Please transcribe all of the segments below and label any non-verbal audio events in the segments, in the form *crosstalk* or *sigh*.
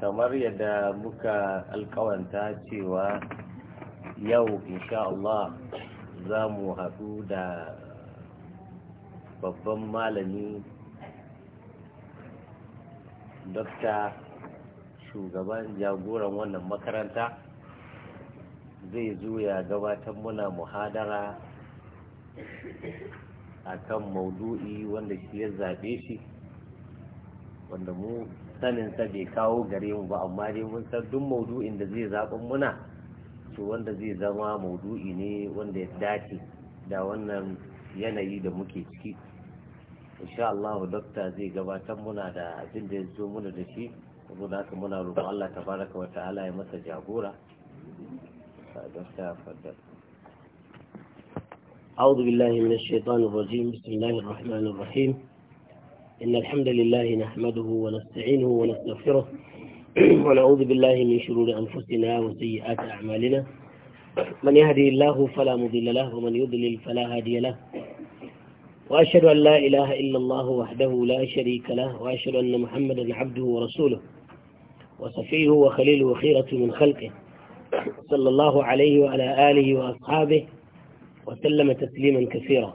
kamar yadda muka alkawanta cewa yau insha Allah za mu haɗu da babban malami dokta shugaban jagoran wannan makaranta zai zo ya gabatar muna muhadara akan maudu'i wanda shi ya zaɓe shi wanda mu saninsa bai kawo gare mu ba amma dai mun san duk maudu'in da zai zaɓin muna to wanda zai zama maudu'i ne wanda ya dace da wannan yanayi da muke ciki insha Allah dokta zai gabatar muna da abin da ya zo muna da shi da haka muna roƙon Allah tabaraka wa ta'ala ya masa jagora dokta fadda أعوذ بالله من الشيطان الرجيم بسم الله الرحمن الرحيم إن الحمد لله نحمده ونستعينه ونستغفره *clears throat* ونعوذ بالله من شرور أنفسنا وسيئات أعمالنا من يهدي الله فلا مضل له ومن يضلل فلا هادي له وأشهد أن لا إله إلا الله وحده لا شريك له وأشهد أن محمدا عبده ورسوله وصفيه وخليله وخيرة من خلقه صلى الله عليه وعلى آله وأصحابه وسلم تسليما كثيرا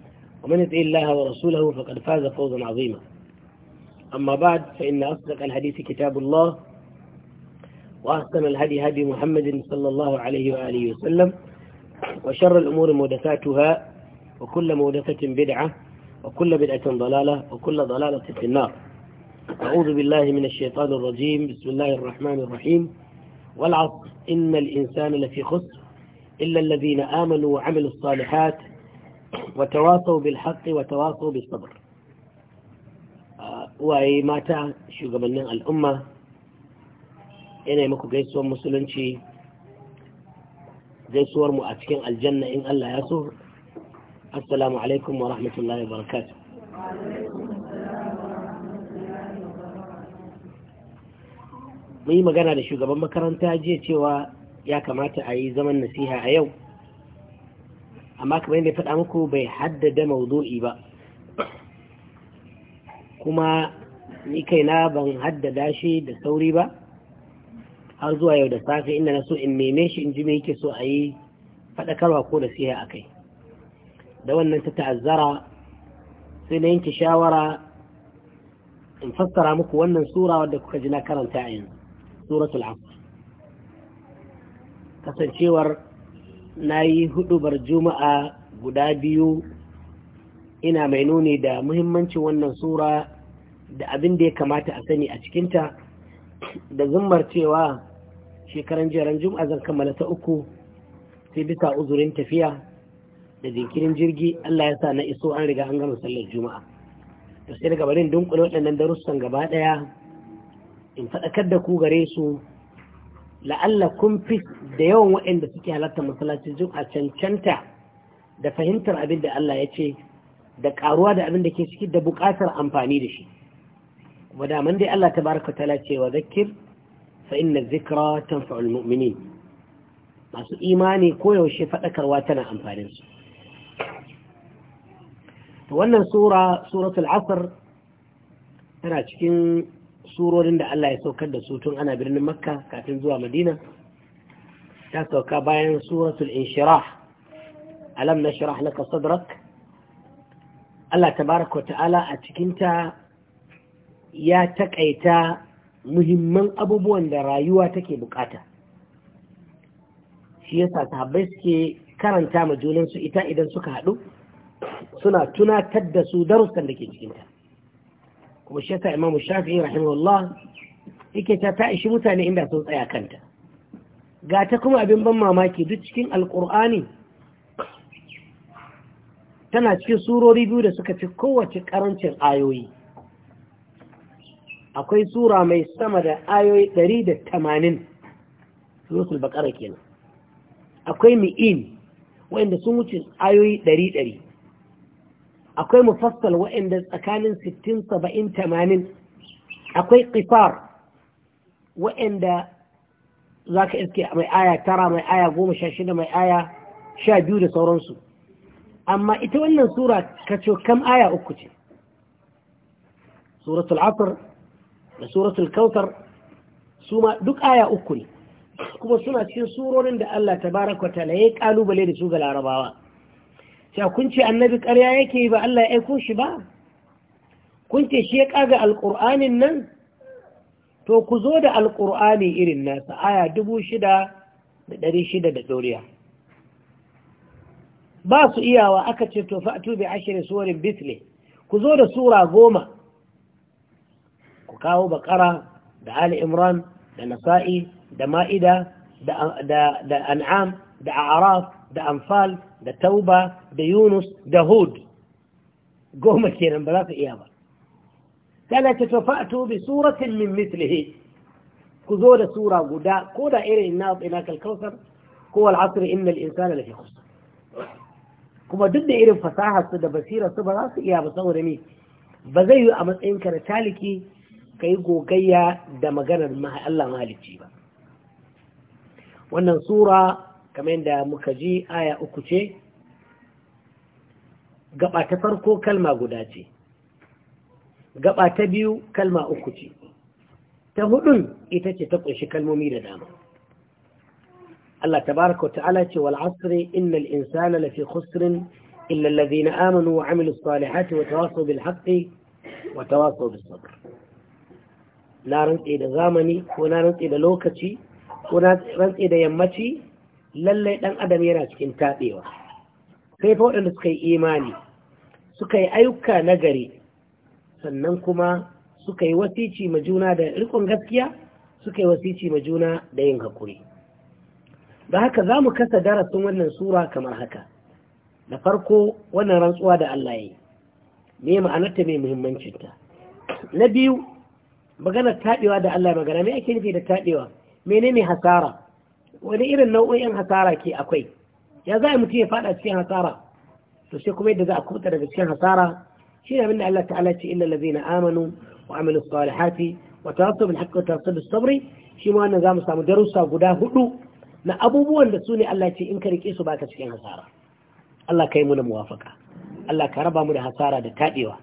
ومن يطع الله ورسوله فقد فاز فوزا عظيما أما بعد فإن أصدق الحديث كتاب الله وأحسن الهدي هدي محمد صلى الله عليه وآله وسلم وشر الأمور مودثاتها وكل مودثة بدعة وكل بدعة ضلالة وكل ضلالة في النار أعوذ بالله من الشيطان الرجيم بسم الله الرحمن الرحيم والعصر إن الإنسان لفي خسر إلا الذين آمنوا وعملوا الصالحات watawasau bil haqqi watawasau bis sabr uwaye mata shugabannin al'umma yana muku gaisuwar musulunci gaisuwar mu a cikin aljanna in Allah ya so assalamu alaikum wa rahmatullahi wa barakatuh mun yi magana da shugaban makaranta jiya cewa ya kamata a yi zaman nasiha a yau amma kamar yadda faɗa muku bai haddada mawdu'i ba kuma ni kaina ban haddada shi da sauri ba har zuwa yau da safe inda na so in neme shi in ji me yake so a yi faɗakarwa ko da siya a kai da wannan ta ta'azzara sai na yanke shawara in fassara muku wannan sura wadda kuka ji na karanta a yanzu suratul asr kasancewar na yi hudubar juma'a guda biyu ina mai nuni da muhimmancin wannan sura da abin da ya kamata a sani a cikinta da zumar cewa shekaran jiyaran juma'a zan kammala ta uku sai bisa uzurin tafiya da jinkirin jirgi Allah ya sa na iso an riga an gama sallar juma'a to sai daga barin dunkule waɗannan darussan gaba ɗaya in faɗakar da ku gare su la'alla kun fi da yawan waɗanda suke halarta masallacin a cancanta da fahimtar abin da Allah ya ce da karuwa da abin da ke ciki da buƙatar amfani da shi kuma da man dai Allah ta ta'ala ce wa zakir fa inna zikra tanfa'ul mu'minin masu imani koyaushe faɗakarwa tana amfanin su wannan sura suratul asr tana cikin surorin da Allah ya saukar da su tun ana birnin makka kafin zuwa madina ta sauka bayan suratul inshirah alam nashrah laka sadrak Allah tabaraka wa ta'ala a cikinta ya takaita muhimman abubuwan da rayuwa take bukata shi yasa sahabbai suke karanta ma junansu ita idan suka haɗu suna tunatar da su darussan da ke cikinta kuma shi yasa imamu shafi'i rahimahullah yake ta ta ishi mutane inda sun tsaya kanta ga ta kuma abin ban mamaki duk cikin alkur'ani tana cikin surori biyu da suka fi kowace karancin ayoyi akwai sura mai sama da ayoyi 180 suratul baqara kenan akwai mi'in wanda sun wuce ayoyi 100 akwai mufassal waɗanda tsakanin 60 70 80 akwai qisar waɗanda za ka iske mai aya tara mai aya goma sha shida mai aya sha biyu da sauransu amma ita wannan sura ka ce kam aya uku ce suratul asr da suratul kautar su ma duk aya uku ne kuma suna cikin surorin da Allah tabaraka ta laye kalubale da su ga larabawa cewa kun ce annabi ƙarya yake yi ba Allah ya aiko shi ba kun ce shi ya ƙaga alƙur'anin nan to ku zo da alƙur'ani irin nasa aya dubu shida da ɗari shida da ɗoriya ba su iyawa aka ce to fa'atu bi ashirin suwarin bisle ku zo da sura goma ku kawo bakara da ali imran da nasa'i da ma'ida da an'am da a'raf da amfal da tauba da yunus da hud goma kenan ba za ka iya ba kana ta tafa'atu bi suratin min mithlihi ku zo da sura guda ko da irin na ina kalkausar ko wal asr innal insana lafi khusr kuma duk da irin fasahar su da basira su ba za su iya ba saboda me ba zai yi a matsayin ka na taliki ka gogayya da maganar Allah mahalicci ba wannan sura kamar yadda muka ji aya uku ce gaba ta farko kalma guda ce gaba ta biyu kalma uku ce ta hudun ita ce ta kunshi kalmomi da dama Allah tabaraka ta'ala ce wal asri innal insana lafi khusrin illa alladhina amanu wa amilus salihati wa tawassaw bil haqqi wa tawassaw bis sabr na rantse da zamani ko na rantse da lokaci ko na rantse da yammaci lallai ɗan adam yana cikin taɓewa sai fa waɗanda suka yi imani suka yi ayyuka nagari sannan kuma suka yi wasici ma juna da rikon gaskiya suka yi wasici ma juna da yin hakuri da haka za mu kasa darasin wannan sura kamar haka da farko wannan rantsuwa da Allah ya yi me ma'anarta mai muhimmancinta na biyu maganar taɓewa da Allah magana me ake nufi da taɓewa menene hasara wani irin nau'o'in hasara ke akwai ya za a mutum ya fada cikin hasara to kuma yadda za a kubuta daga cikin hasara shi ne abinda Allah ta'ala ce illal ladina amanu wa amilus salihati wa tawassaw bil haqqi wa tawassaw bis sabri shi ma wannan zamu samu darussa guda hudu na abubuwan da su ne Allah ce in ka rike su baka cikin hasara Allah kai mu da muwafaka Allah ka raba mu da hasara da taɗewa,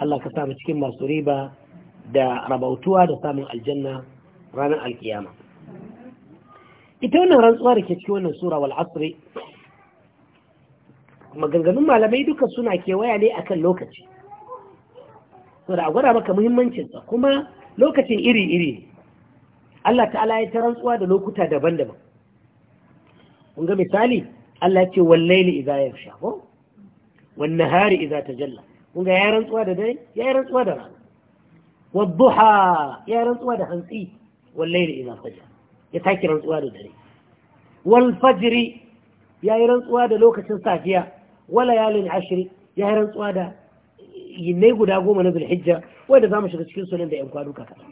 Allah ka samu cikin masu riba da rabautuwa da samun aljanna ranar alkiyama ita wannan rantsuwa da ke cikin wannan sura wal asri maganganun malamai duka suna kewaya ne akan lokaci saboda a gwada maka muhimmancinsa kuma lokacin iri-iri Allah ta'ala ya ta rantsuwa da lokuta daban-daban kun ga misali Allah ya ce wallaili idza yarsha ko wan nahari idza tajalla kun ga ya rantsuwa da dare ya rantsuwa da rana wadduha ya rantsuwa da hantsi wallaili idza fajar ya take rantsuwa da dare wal fajri ya yi rantsuwa da lokacin safiya wala yalin ashiri ya yi rantsuwa da yinai guda goma na zulhijja wanda za mu shiga cikin sunan da yan kwanuka kaɗan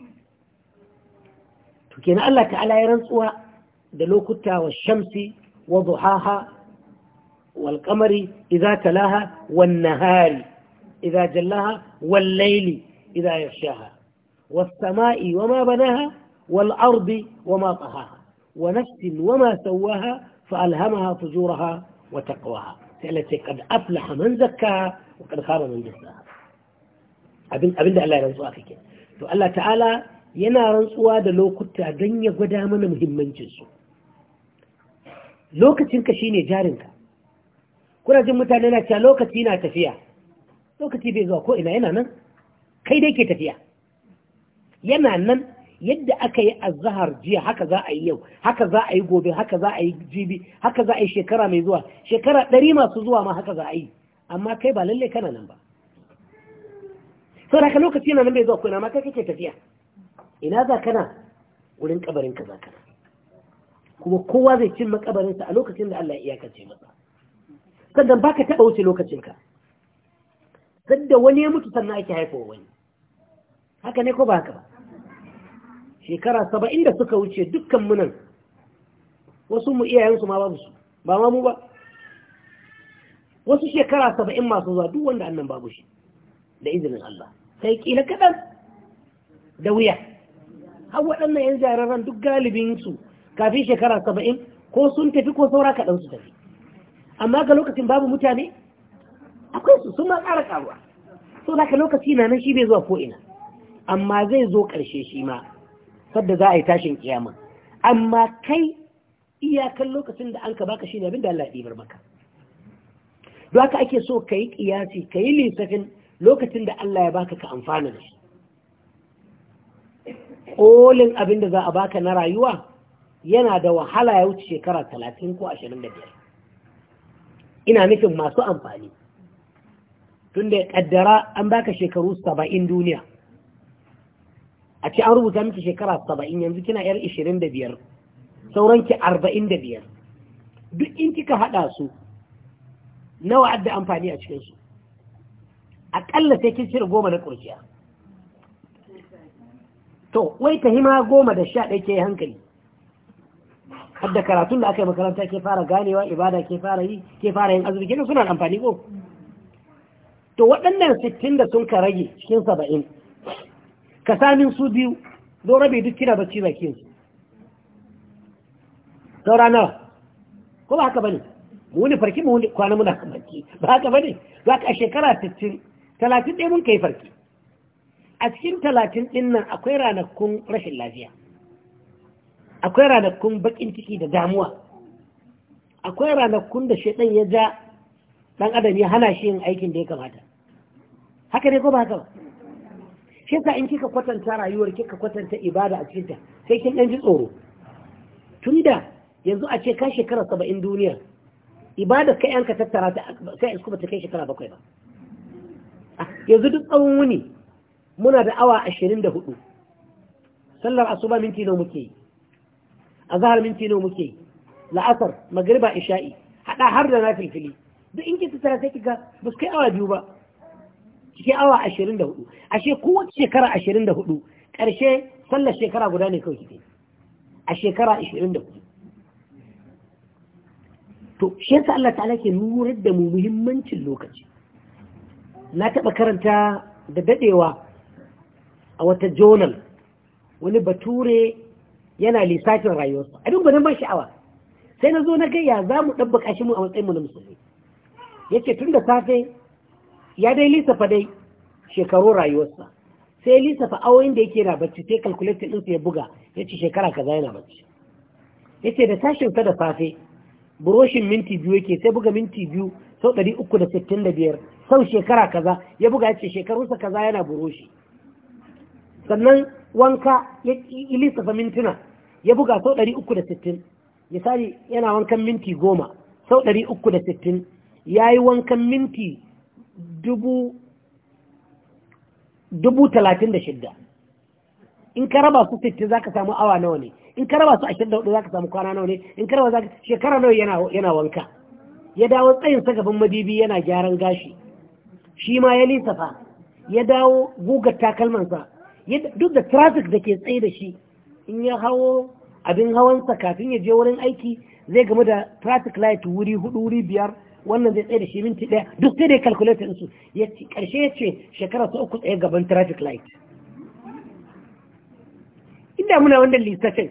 to kenan Allah ta'ala ya rantsuwa da lokuta wa shamsi wa duhaha wal Iza idza talaha wan nahari idza jallaha wal layli idza Yashaha, was sama'i wa ma banaha والأرض وما طهاها ونفس وما سواها فألهمها فجورها وتقواها التي قد أفلح من زكاها وقد خاب من دساها abin da Allah ya rantsuwa kake to Allah ta'ala yana rantsuwa da lokuta don ya gwada mana muhimmancinsu lokacinka shine jarinka kuna jin mutane na cewa lokaci na tafiya lokaci bai zuwa ko ina yana nan kai dai ke tafiya yana nan yadda aka yi azahar jiya haka za a yi yau haka za a yi gobe haka za a yi jibi haka za a yi shekara mai zuwa shekara ɗari masu zuwa ma haka za a yi amma kai ba lalle kana nan ba saboda haka lokaci yana nan bai zuwa kuna ma kai kake tafiya ina za kana wurin kabarin ka za kana kuma kowa zai cin makabarinsa a lokacin da Allah ya iyakace masa sannan baka taɓa wuce lokacin ka sadda wani ya mutu sannan ake haifowa wani haka ne ko ba haka ba shekara saba'in da suka wuce dukkan munan wasu mu iyayensu ma babu su ba ma mu ba wasu shekara saba'in masu zuwa duk wanda annan babu shi da izinin Allah sai kila kaɗan da wuya har waɗannan yan jararren duk galibinsu kafin shekara saba'in ko sun tafi ko saura kaɗan su tafi amma ga lokacin babu mutane akwai su sun ma ƙara ƙaruwa so da lokaci na nan shi bai zuwa ko ina amma zai zo ƙarshe shi ma sadda za a yi tashin kiyama amma kai iyakan lokacin da an ka baka shi ne abin da Allah ya ɗibar maka don haka ake so ka yi kiyasi ka yi lissafin lokacin da Allah ya baka ka amfana da shi kolin abin da za a baka na rayuwa yana da wahala ya wuce shekara talatin ko ashirin da biyar ina nufin masu amfani Tunda ya kaddara an baka shekaru saba'in duniya a ce an rubuta miki shekara saba'in yanzu kina yar ishirin da biyar sauranki arba'in da biyar duk in kika haɗa su nawa adda amfani a cikinsu aƙalla sai kin cire goma na ƙurciya to wai ta hima goma da sha ɗaya ke hankali hadda karatun da aka yi makaranta ke fara ganewa ibada ke fara yi ke fara yin azumi kenan suna amfani ko to waɗannan sittin da sun ka rage cikin saba'in ka samin su biyu don rabe duk kina bacci bakin su ta nawa ko ba haka bane mu ne farki mu ne kwana muna kamanci ba haka bane za ka shekara 60 talatin ɗaya mun kai farki a cikin talatin ɗin nan akwai ranakun rashin lafiya akwai ranakun bakin ciki da damuwa akwai ranakun da shaidan ya ja dan adam ya hana shi yin aikin da ya kamata haka ne ko ba haka ba shi in kika kwatanta rayuwar kika kwatanta ibada a cikinta sai kin dan ji tsoro tunda yanzu a ce ka shekara saba'in duniya ibada kai yanka tattara ta kai isku bata kai shekara bakwai ba yanzu duk tsawon wuni muna da awa ashirin da hudu sallar asuba minti nawa muke yi azhar minti nawa muke yi la'asar magriba isha'i hada har da nafilfili duk in kika tattara sai kika ba kai awa biyu ba cikin awa ashirin da hudu ashe kowace shekara ashirin da hudu ƙarshe sallar shekara guda ne kawai kike a shekara ashirin da hudu to shi yasa Allah ta'ala ke nurar da mu muhimmancin lokaci na taɓa karanta da daɗewa a wata journal wani bature yana lissafin rayuwarsa abin gwanin ban sha'awa sai na zo na gaya za mu ɗabbaka shi mu a matsayin mu na musulmi yake tun da safe ya dai lissafa dai shekaru rayuwarsa sai lissafa awoyin da yake na bacci sai calculator ɗinsa ya buga ya ce shekara kaza yana bacci ya ce da ka da safe buroshin minti biyu yake sai buga minti biyu sau ɗari uku da sittin da biyar sau shekara kaza ya buga ya ce shekarunsa kaza yana buroshi sannan wanka ya lissafa mintuna ya buga sau ɗari uku da sittin misali yana wankan minti goma sau ɗari uku da sittin ya yi wankan minti dubu talatin da shida in ka raba su sittin za ka samu awa nawa ne in ka raba su ashirin da hudu za ka samu kwana nawa ne in ka raba za ka shekara nawa yana wanka ya dawo tsayin sagabin madibi yana gyaran gashi shi ma ya lissafa ya dawo gugar takalmansa duk da trafik da ke tsaye da shi in ya hawo abin hawansa kafin ya je wurin aiki zai game da traffic light wuri hudu wuri biyar wannan zai tsaye da shi minti ɗaya duk sai da ya calculator ɗinsu ya ci ƙarshe ya ce shekara ta uku tsaye gaban traffic light inda muna wannan lissafin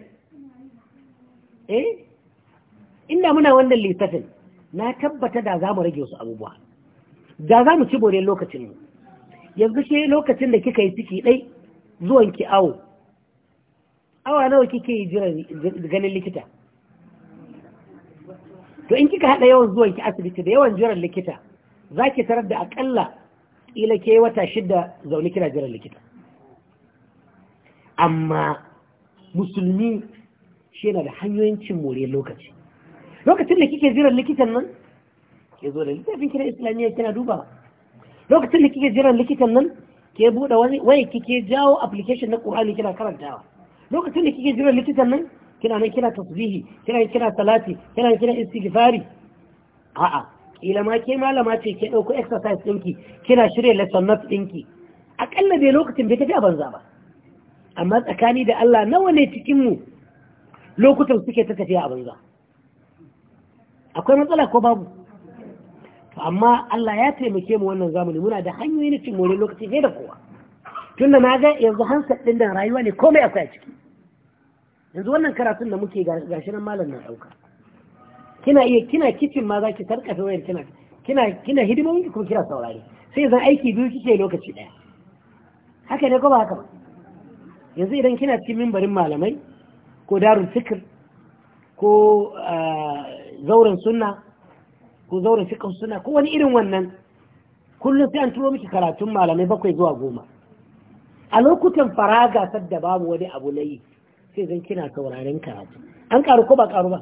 eh inda muna wannan lissafin na tabbata da za mu rage wasu abubuwa da za mu ci bore lokacin yanzu shi lokacin da kika yi ciki ɗai zuwan ki awo awa nawa kike yi jiran ganin likita to in kika haɗa yawan zuwan ki asibiti da yawan jiran likita za ki tarar da akalla ƙila ke wata shida zaune kina jiran likita amma musulmi shi yana da hanyoyin cin more lokaci lokacin da kike jiran likitan nan ke zo da littafin kira islamiyya kina duba lokacin da kike jiran likitan nan ke buɗe wani kike jawo application na ƙur'ani kina karantawa lokacin da kike jiran likitan nan kina nan kina tasbihi kina kina salati kina kina istighfari a'a ila ma ke malama ce ke dauko exercise dinki kina shirye lesson notes dinki akalla bai lokacin bai tafi a banza ba amma tsakani da Allah nawa ne cikin mu lokutan suke ta tafiya a banza akwai matsala ko babu amma Allah ya taimake mu wannan zamani muna da hanyoyi na cin lokaci ne da kowa tunda na ga yanzu hansa din da rayuwa ne komai akwai a ciki yanzu wannan karatun da muke gashi nan malam na dauka kina iya kina kitchen ma zaki tarkafe wayar kina kina kina hidimomi kuma kira saurare sai zan aiki biyu kike lokaci daya haka ne ko ba haka ba yanzu idan kina cikin mimbarin malamai ko darul fikr ko ah, zauren sunna ko zauren fikr sunna ko wani irin wannan kullum sai an turo miki karatun malamai bakwai zuwa goma a lokutan faraga sadda babu wani abu na yi sai zan kina sauraren karatu an karu ko ba karu ba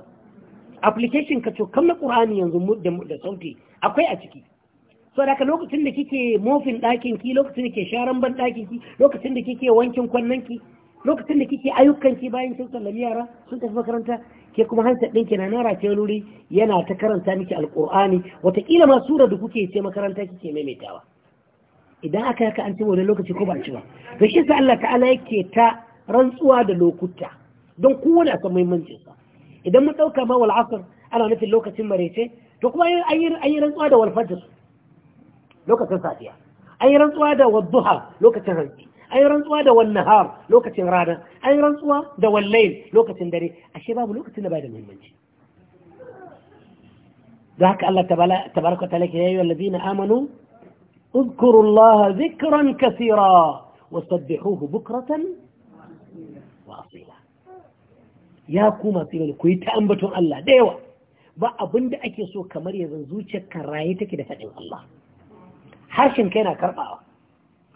application ka to kamar qur'ani yanzu da sauti akwai a ciki so da lokacin da kike mofin ɗakin ki lokacin da kike sharan ban ɗakin ki lokacin da kike wankin kwannan ki lokacin da kike ayyukan ki bayan kin sallami yara sun tafi makaranta ke kuma hansa ɗin ki na nara ke luri yana ta karanta miki alƙur'ani wataƙila ma sura da kuke ce makaranta kike maimaitawa idan aka yaka an ci wani lokaci ko ba ci ba to shi sa Allah ta'ala yake ta rantsuwa da lokuta don kowane akan muhimmancin sa idan mun dauka ma wal asr ana nufin lokacin marece to kuma an yi rantsuwa da wal fajr lokacin safiya an yi rantsuwa da wal duha lokacin hantsi an yi rantsuwa da wal nahar lokacin rana an yi rantsuwa da wal layl lokacin dare ashe babu lokacin da bai da muhimmanci ذاك الله تبارك وتعالى يا أيها الذين آمنوا اذكروا الله ذكرا كثيرا وسبحوه بكرة wa ya ku masu imani ku yi ta ambaton Allah da yawa ba abin da ake so kamar yanzu zuciyar kan raye take da faɗin Allah harshen kai na karɓawa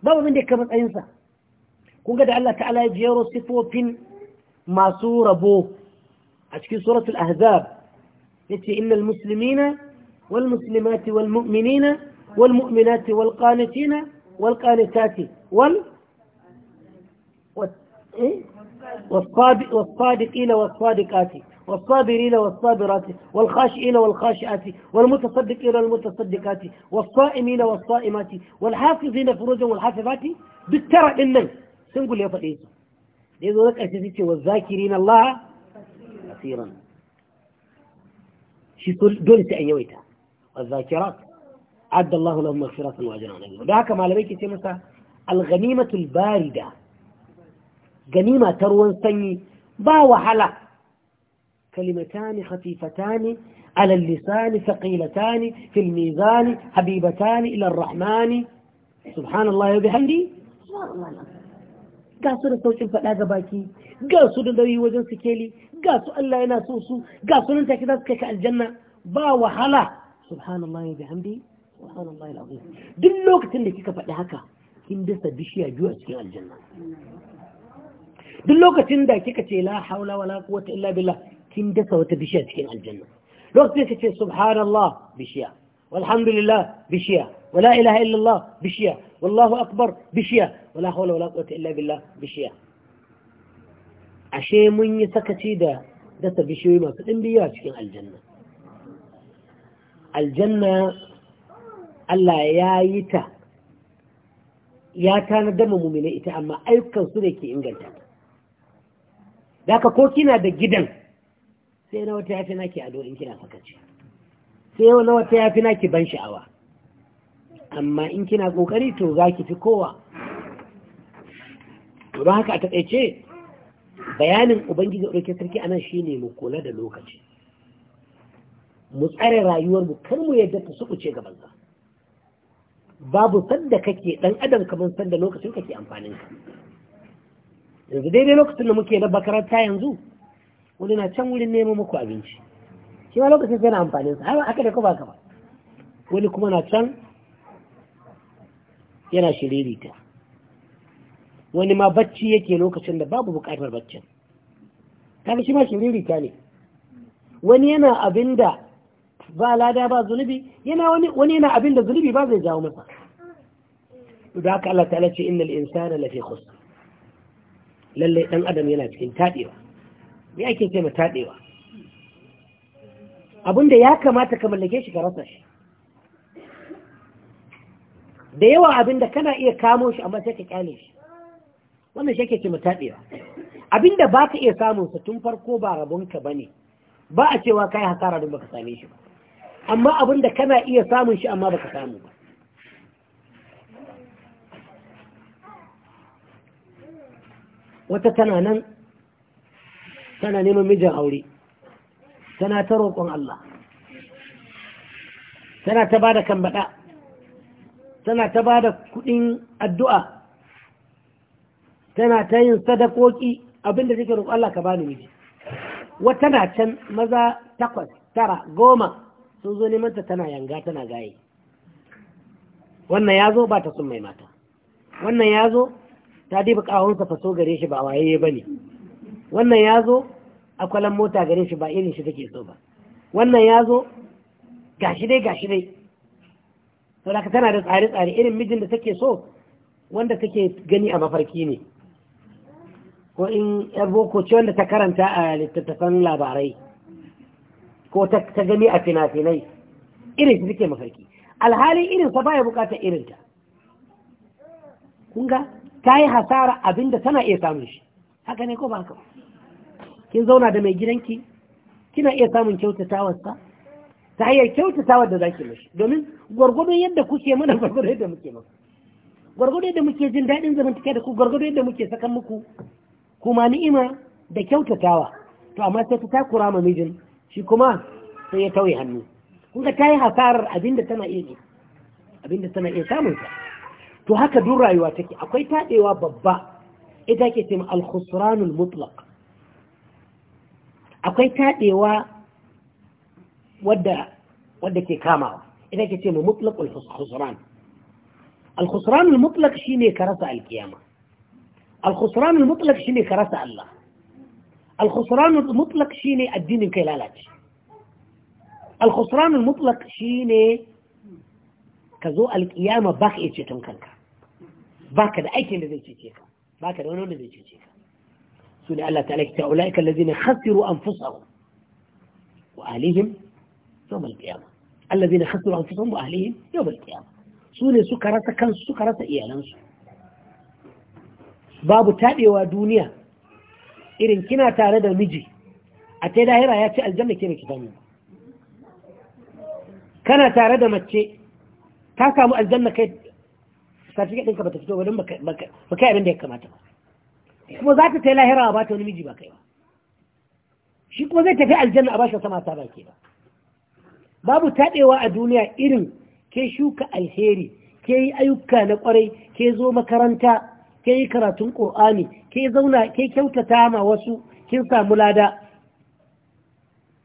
ba abin da ya kama tsayinsa kun ga da Allah ta'ala ya jero sifofin masu rabo a cikin suratul ahzab yace innal muslimina wal muslimati wal mu'minina wal mu'minati wal qanitina wal qanitati wal والصادقين والصادقات والصابرين والصابرات والخاشئين والخاشئات والمتصدقين والمتصدقات والصائمين والصائمات والحافظين فروجهم والحافظات بالترى إنن سنقول يا فقيس لذو لك أساسيك والذاكرين الله كثيرا شي دول سأيويتا والذاكرات عد الله لهم مغفرة وأجرا عظيما ده كما لبيك تمسى الغنيمة الباردة ganima ta ruwan sanyi ba wahala kalimatani khafifatani ala lisani thaqilatani fil mizani habibatani ila arrahmani subhanallahi wa bihamdi ga su da saukin faɗa ga baki ga su da wajen sikeli ga su Allah yana so su ga su nan take za su kai ka aljanna ba wahala subhanallahi wa bihamdi subhanallahi duk lokacin da kika faɗi haka kin dasa bishiya biyu a cikin aljanna duk lokacin da kika ce la haula wala quwwata illa billah kin dasa wata bishiya cikin aljanna lokacin da kace subhanallah bishiya walhamdulillah bishiya wala ilaha illallah bishiya wallahu akbar bishiya wala haula wala quwwata illa billah bishiya ashe mun yi sakaci da dasa bishiyoyi masu dimbiya cikin aljanna aljanna Allah ya yi ta ya tanadar dama mumine ita amma ayyukan su ne ke inganta ta da ko kina da gidan sai na wata yafi naki ado in kina sakaci sai na wata yafi naki ban sha'awa amma in kina kokari to za ki fi kowa ba haka a taƙaice bayanin ubangiji ɗauke sarki anan shine mu kula da lokaci mu tsare rayuwar mu kar mu yadda ta ce ga banza babu sanda kake ɗan adam kamar sanda lokacin kake amfanin ka yanzu daidai lokacin da muke na makaranta yanzu wani na can wurin neman muku abinci shi ma lokacin sai na amfanin sa haka da kuma ba wani kuma na can yana shiririta wani ma bacci yake lokacin da babu bukatar baccin kaga shi ma shiririta ne wani yana abin da ba lada ba zunubi yana wani wani yana abin da zunubi ba zai jawo masa da haka Allah ta'ala ce innal insana lafi khusr lalle ɗan adam yana cikin taɗewa me ake ce ma taɗewa da ya kamata ka mallake shi ka rasa shi da yawa abinda kana iya kamo shi amma sai ka kyale shi wannan shi ake ce ma taɗewa abinda ba ka iya samun sa tun farko ba rabonka ba ne ba a cewa ka yi hasara don baka same shi ba amma abinda kana iya samun shi amma baka samu ba wata tana nan tana neman mijin aure tana ta roƙon Allah tana ta ba da kambaɗa tana ta ba da kuɗin addu'a tana ta yin sadakoki abinda take roƙon Allah ka ba ni miji wata na can maza takwas tara goma sun zo neman ta tana yanga tana gaye wannan ya zo ba ta sun mai mata wannan ya zo ta diba ƙahonsa faso gare shi ba waye ba ne wannan ya zo a kwalan mota gare shi ba irin shi take so ba wannan ya zo gashi dai gashi dai saboda tana da tsare-tsare irin mijin da take so wanda take gani a mafarki ne ko in yar boko ce wanda ta karanta a littattafan labarai ko ta gani a fina-finai irin shi take mafarki alhali irinsa baya bukatar irinta kunga ta yi hasara abinda tana iya samun shi haka ne ko ba haka kin zauna da mai gidanki kina iya samun kyautatawarsa ta hanyar kyautatawar da zaki mashi domin gwargwadon yadda kuke mana *laughs* gwargwadon yadda muke masa gwargwadon yadda muke jin daɗin zamantake da ku gwargwadon yadda muke sakan muku kuma ni'ima da kyautatawa to amma sai ta takura ma mijin shi kuma sai ya tauye hannu kun ga ta yi hasarar abinda tana iya abinda tana iya samun sa to haka duk rayuwa take akwai taɗewa babba idan ke cin alkhusranul mutlaq akwai taɗewa wadda wadda ke kamawa idan ke ce mu mutlaq alkhusran alkhusranul mutlaq shine ka rasa alkiyama alkhusranul mutlaq shine karasa rasa Allah alkhusranul mutlaq shine addinin kai lalace alkhusranul mutlaq shine kazo zo alkiyama ba e iya ceton kanka baka da aikin da zai cece ka baka da wani wanda zai cece ka su ne Allah ta'ala ta ulaika allazina khasiru anfusahum wa ahlihim yawm al-qiyamah allazina khasiru anfusahum wa ahlihim yawm al-qiyamah su ne suka rasa kansu suka rasa iyalansu babu tabewa duniya irin kina tare da miji a ta dahira ya ce aljanna ke ki samu kana tare da mace ta samu aljanna kai certificate ɗinka bata fito ba don ba kai abin da ya kamata ba kuma za ta tai lahira a bata wani miji ba kai ba shi kuma zai tafi aljanna a bashi sama ta ba ke ba babu taɗewa a duniya irin ke shuka alheri ke yi ayyuka na kwarai ke zo makaranta ke yi karatun ƙur'ani ke zauna ke kyautata ma wasu kin samu lada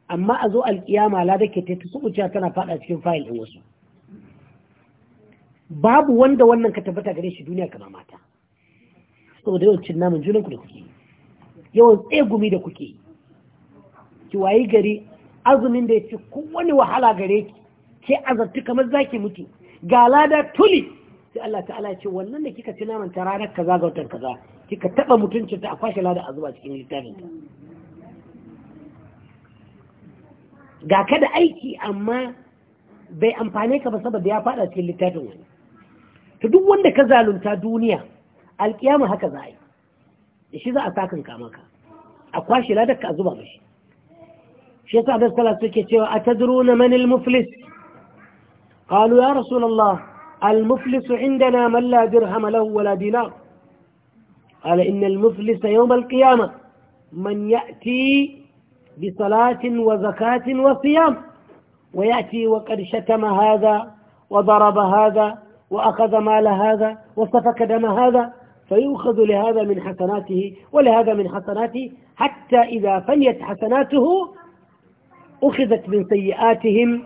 amma a zo alƙiyama lada ke ta tsubuciya tana faɗa cikin fayil ɗin wasu babu wanda wannan ka tabbata gare shi duniya kama mata saboda yawan cin naman junan ku da kuke yawan tsegumi da kuke ki wayi gari azumin da ya ci kowane wahala gare ki ke azabtu kamar zaki mutu ga lada tuli sai Allah ta'ala ce wannan da kika ci naman ta ranar kaza ga watan kaza kika taba mutuncinta ta a kwashe lada a zuba cikin littafin ga kada aiki amma bai amfane ka ba saboda ya faɗa cikin littafin wani ta duk wanda ka zalunta duniya alkiyama haka za a yi da shi za a sakan kama ka a kwashe ladar ka a zuba mashi shi yasa da sallah suke cewa atadruna man al-muflis qalu ya rasulullah al-muflis indana man la dirham lahu wala dinar قال إن المفلس يوم القيامة من يأتي بصلاة وزكاة وصيام ويأتي وقد شتم هذا وضرب هذا وأخذ مال هذا وسفك دم هذا فيؤخذ لهذا من حسناته ولهذا من حسناته حتى إذا فنيت حسناته أخذت من سيئاتهم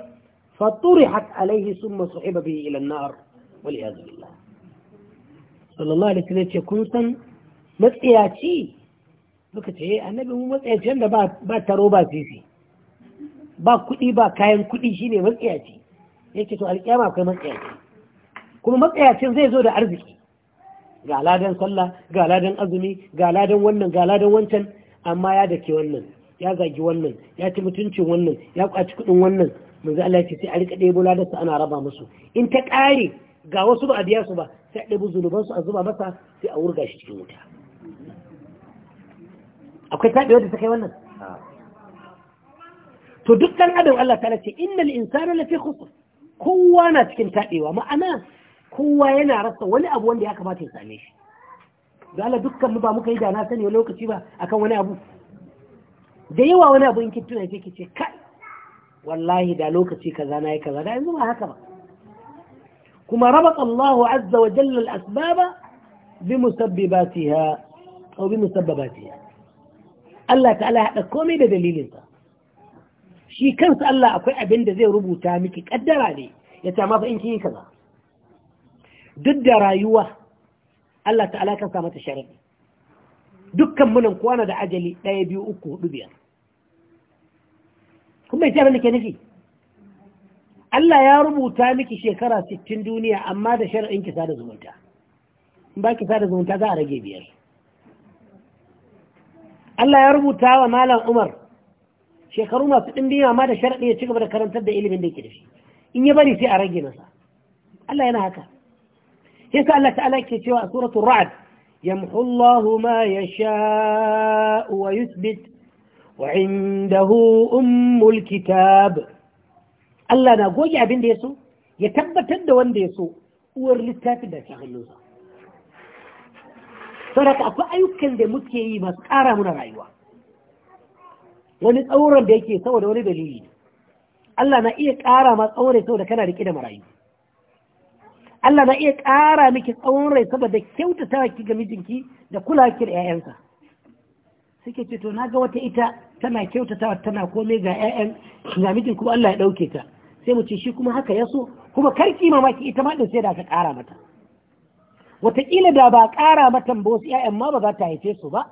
فطرحت عليه ثم صحب به إلى النار والعياذ بالله صلى الله عليه وسلم كنت سن matsiyaci muka ce annabi mu matsiyacin da ba taro ba sisi كاين kuɗi ba kayan kuɗi shine matsiyaci yake to kuma matsayacin zai zo da arziki ga ladan sallah ga ladan azumi ga ladan wannan ga ladan wancan amma ya dake wannan ya zagi wannan ya ci mutuncin wannan ya kwaci kudin wannan manzo Allah ya ce sai a rika ɗebo ladan sa ana raba musu in ta ƙare ga wasu ba a biya su ba sai a ɗebo zunuban su a zuba masa sai a wurga shi cikin wuta akwai taɓewa da ta kai wannan to dukkan adam Allah ta ce innal insana lafi khusr kowa na cikin taɓewa ma'ana kowa yana rasa wani abu wanda ya kamata ya same shi da Allah dukkan mu ba muka yi da na sani wani lokaci ba akan wani abu da yawa wani abu in kin tuna sai kice kai wallahi da lokaci kaza na yi kaza da yanzu ba haka ba kuma rabat Allah azza wa jalla al-asbab bi musabbibatiha aw bi musabbabatiha Allah ta'ala ya hada komai da dalilinsa shi kansa Allah akwai abin da zai rubuta miki kaddara ne ya ta ma fa in kin yi kaza duk da rayuwa Allah ta'ala kan sa mata sharadi dukkan munan kwana da ajali ɗaya biyu uku hudu biyar kuma ita abin da ke nufi Allah ya rubuta miki shekara 60 duniya amma da shari'in ki sada zumunta in ba ki sada zumunta za a rage biyar Allah ya rubuta wa Malam Umar shekaru masu ɗimbiya amma da sharaɗi ya ci gaba da karantar da ilimin da yake da shi in ya bari sai a rage masa Allah yana haka يسأل لك سورة الرعد يمحو الله ما يشاء ويثبت وعنده أم الكتاب ألا نقول يا بني يسو يتبت الدوان دي يسو ورلتات دا شغلوزا فرات أكو أيوكن دي متكي مسكارة من رأيوة ونتأورا بيكي سوى دولي بليين ألا نقيا كارة مسكارة سوى دكنا لكنا مرأيوة Allah na iya ƙara miki tsawon rai saboda kyautata ki ga mijinki da kula ki da 'ya'yansa suke ce to na ga wata ita tana ta tana komai ga 'ya'yan ga mijin kuma Allah ya ɗauke ta sai mu ce shi kuma haka ya so kuma kar karki mamaki ita ma ɗin sai da ka ƙara mata wataƙila da ba ƙara mata ba wasu 'ya'yan ma ba za ta haife su ba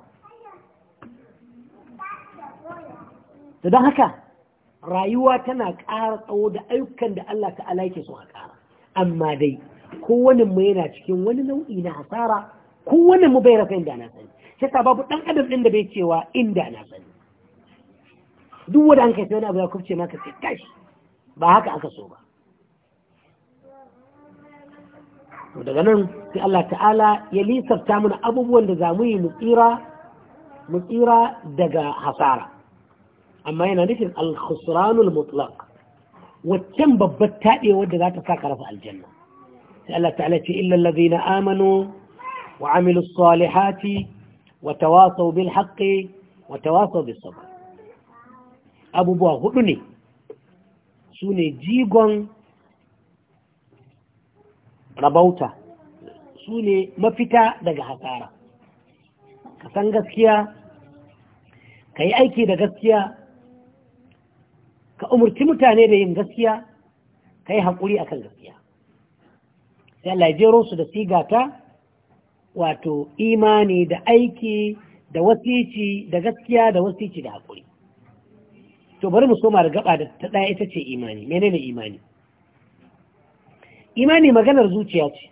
da don haka rayuwa tana ƙara tsawo da ayyukan da Allah ta'ala yake so a ƙara amma dai kowane mu yana cikin wani nau'i na hasara kowane mu bai rasa inda na sani sai ta babu dan adam din da bai cewa inda na sani duk wanda an kai sai wani abu ya kufce maka sai kashi ba haka aka so ba to daga nan sai Allah ta'ala ya lissafta mana abubuwan da zamu yi mutsira mutsira daga hasara amma yana nufin al-khusranul mutlaq waccan babbar tadewa wadda za ta sa ka aljanna sai Allah ta'ala ce illal ladina amanu wa amilus salihati wa tawasaw bil haqqi wa tawasaw bis sabr abubuwa huɗu ne sune jigon rabauta sune mafita daga hasara ka san gaskiya ka yi aiki da gaskiya ka umarci mutane da yin gaskiya ka yi haƙuri akan gaskiya Allah ya jero su da siga ta wato imani da aiki da wasici da gaskiya da wasici da haƙuri to bari mu soma da gaba da ta ɗaya ita ce imani menene imani imani maganar zuciya ce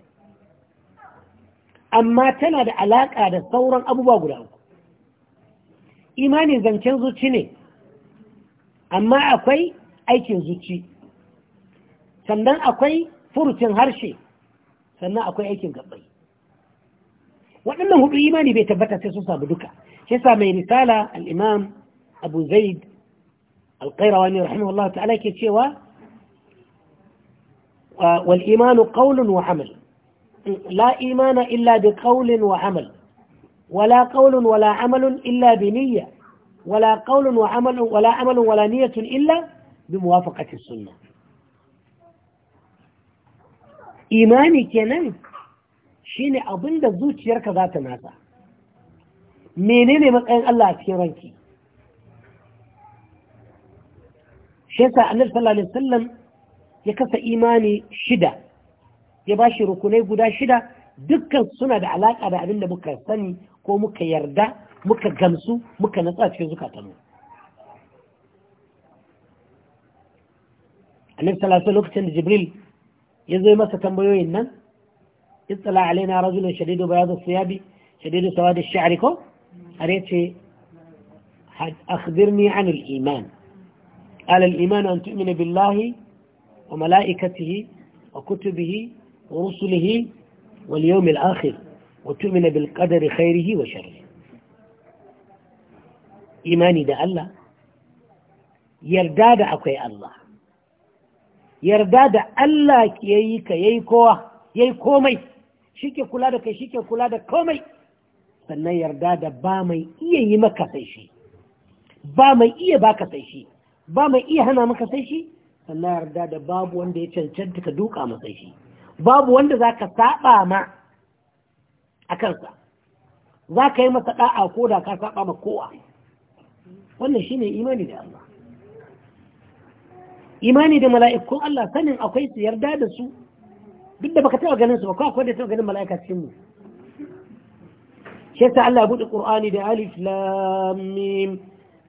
amma tana da alaƙa da sauran abubuwa guda uku imani zancen zuci ne amma akwai aikin zuci sannan akwai furucin harshe sannan akwai aikin gabbai waɗannan hudu imani bai tabbata sai sun samu duka shi yasa mai risala al-imam abu zaid al-qayrawani rahimahullah ta'ala ke cewa wal imanu qawlun wa amal la imana illa bi qawlin wa amal ولا قول ولا عمل إلا بنية ولا قول وعمل ولا عمل ولا نية إلا بموافقة السنة imani kenan shine abin da zuciyarka za ta nasa menene matsayin Allah a cikin ranki shi yasa annabi sallallahu alaihi wasallam ya kasa imani shida ya ba shi rukunai guda shida dukkan suna da alaƙa da abin da muka sani ko muka yarda muka gamsu muka natsa cikin mu. annabi sallallahu alaihi lokacin da jibril يزوي مسا تنبويوين نن يطلع علينا رجل شديد بياض الثياب شديد سواد الشعر كو شيء أخبرني عن الإيمان قال الإيمان أن تؤمن بالله وملائكته وكتبه ورسله واليوم الآخر وتؤمن بالقدر خيره وشره إيماني دا الله يرداد أكوي الله yarda da Allah ya yi ka yayi kowa yayi komai shike kula da kai shike kula da komai sannan yarda da ba mai iya yi maka sai shi ba mai iya baka sai shi ba mai iya hana maka sai shi sannan yarda da babu wanda ya cancanta ka duka masa shi babu wanda zaka saba ma a kansa za ka yi masa da'a ko da ka saba ma kowa wannan shine imani da Allah imani da mala'ikun Allah sanin akwai su yarda da su duk da baka taɓa ganin su ba kawai da taɓa ganin mala'ika mu shi yasa Allah buɗe Kur'ani da Alif Lam Mim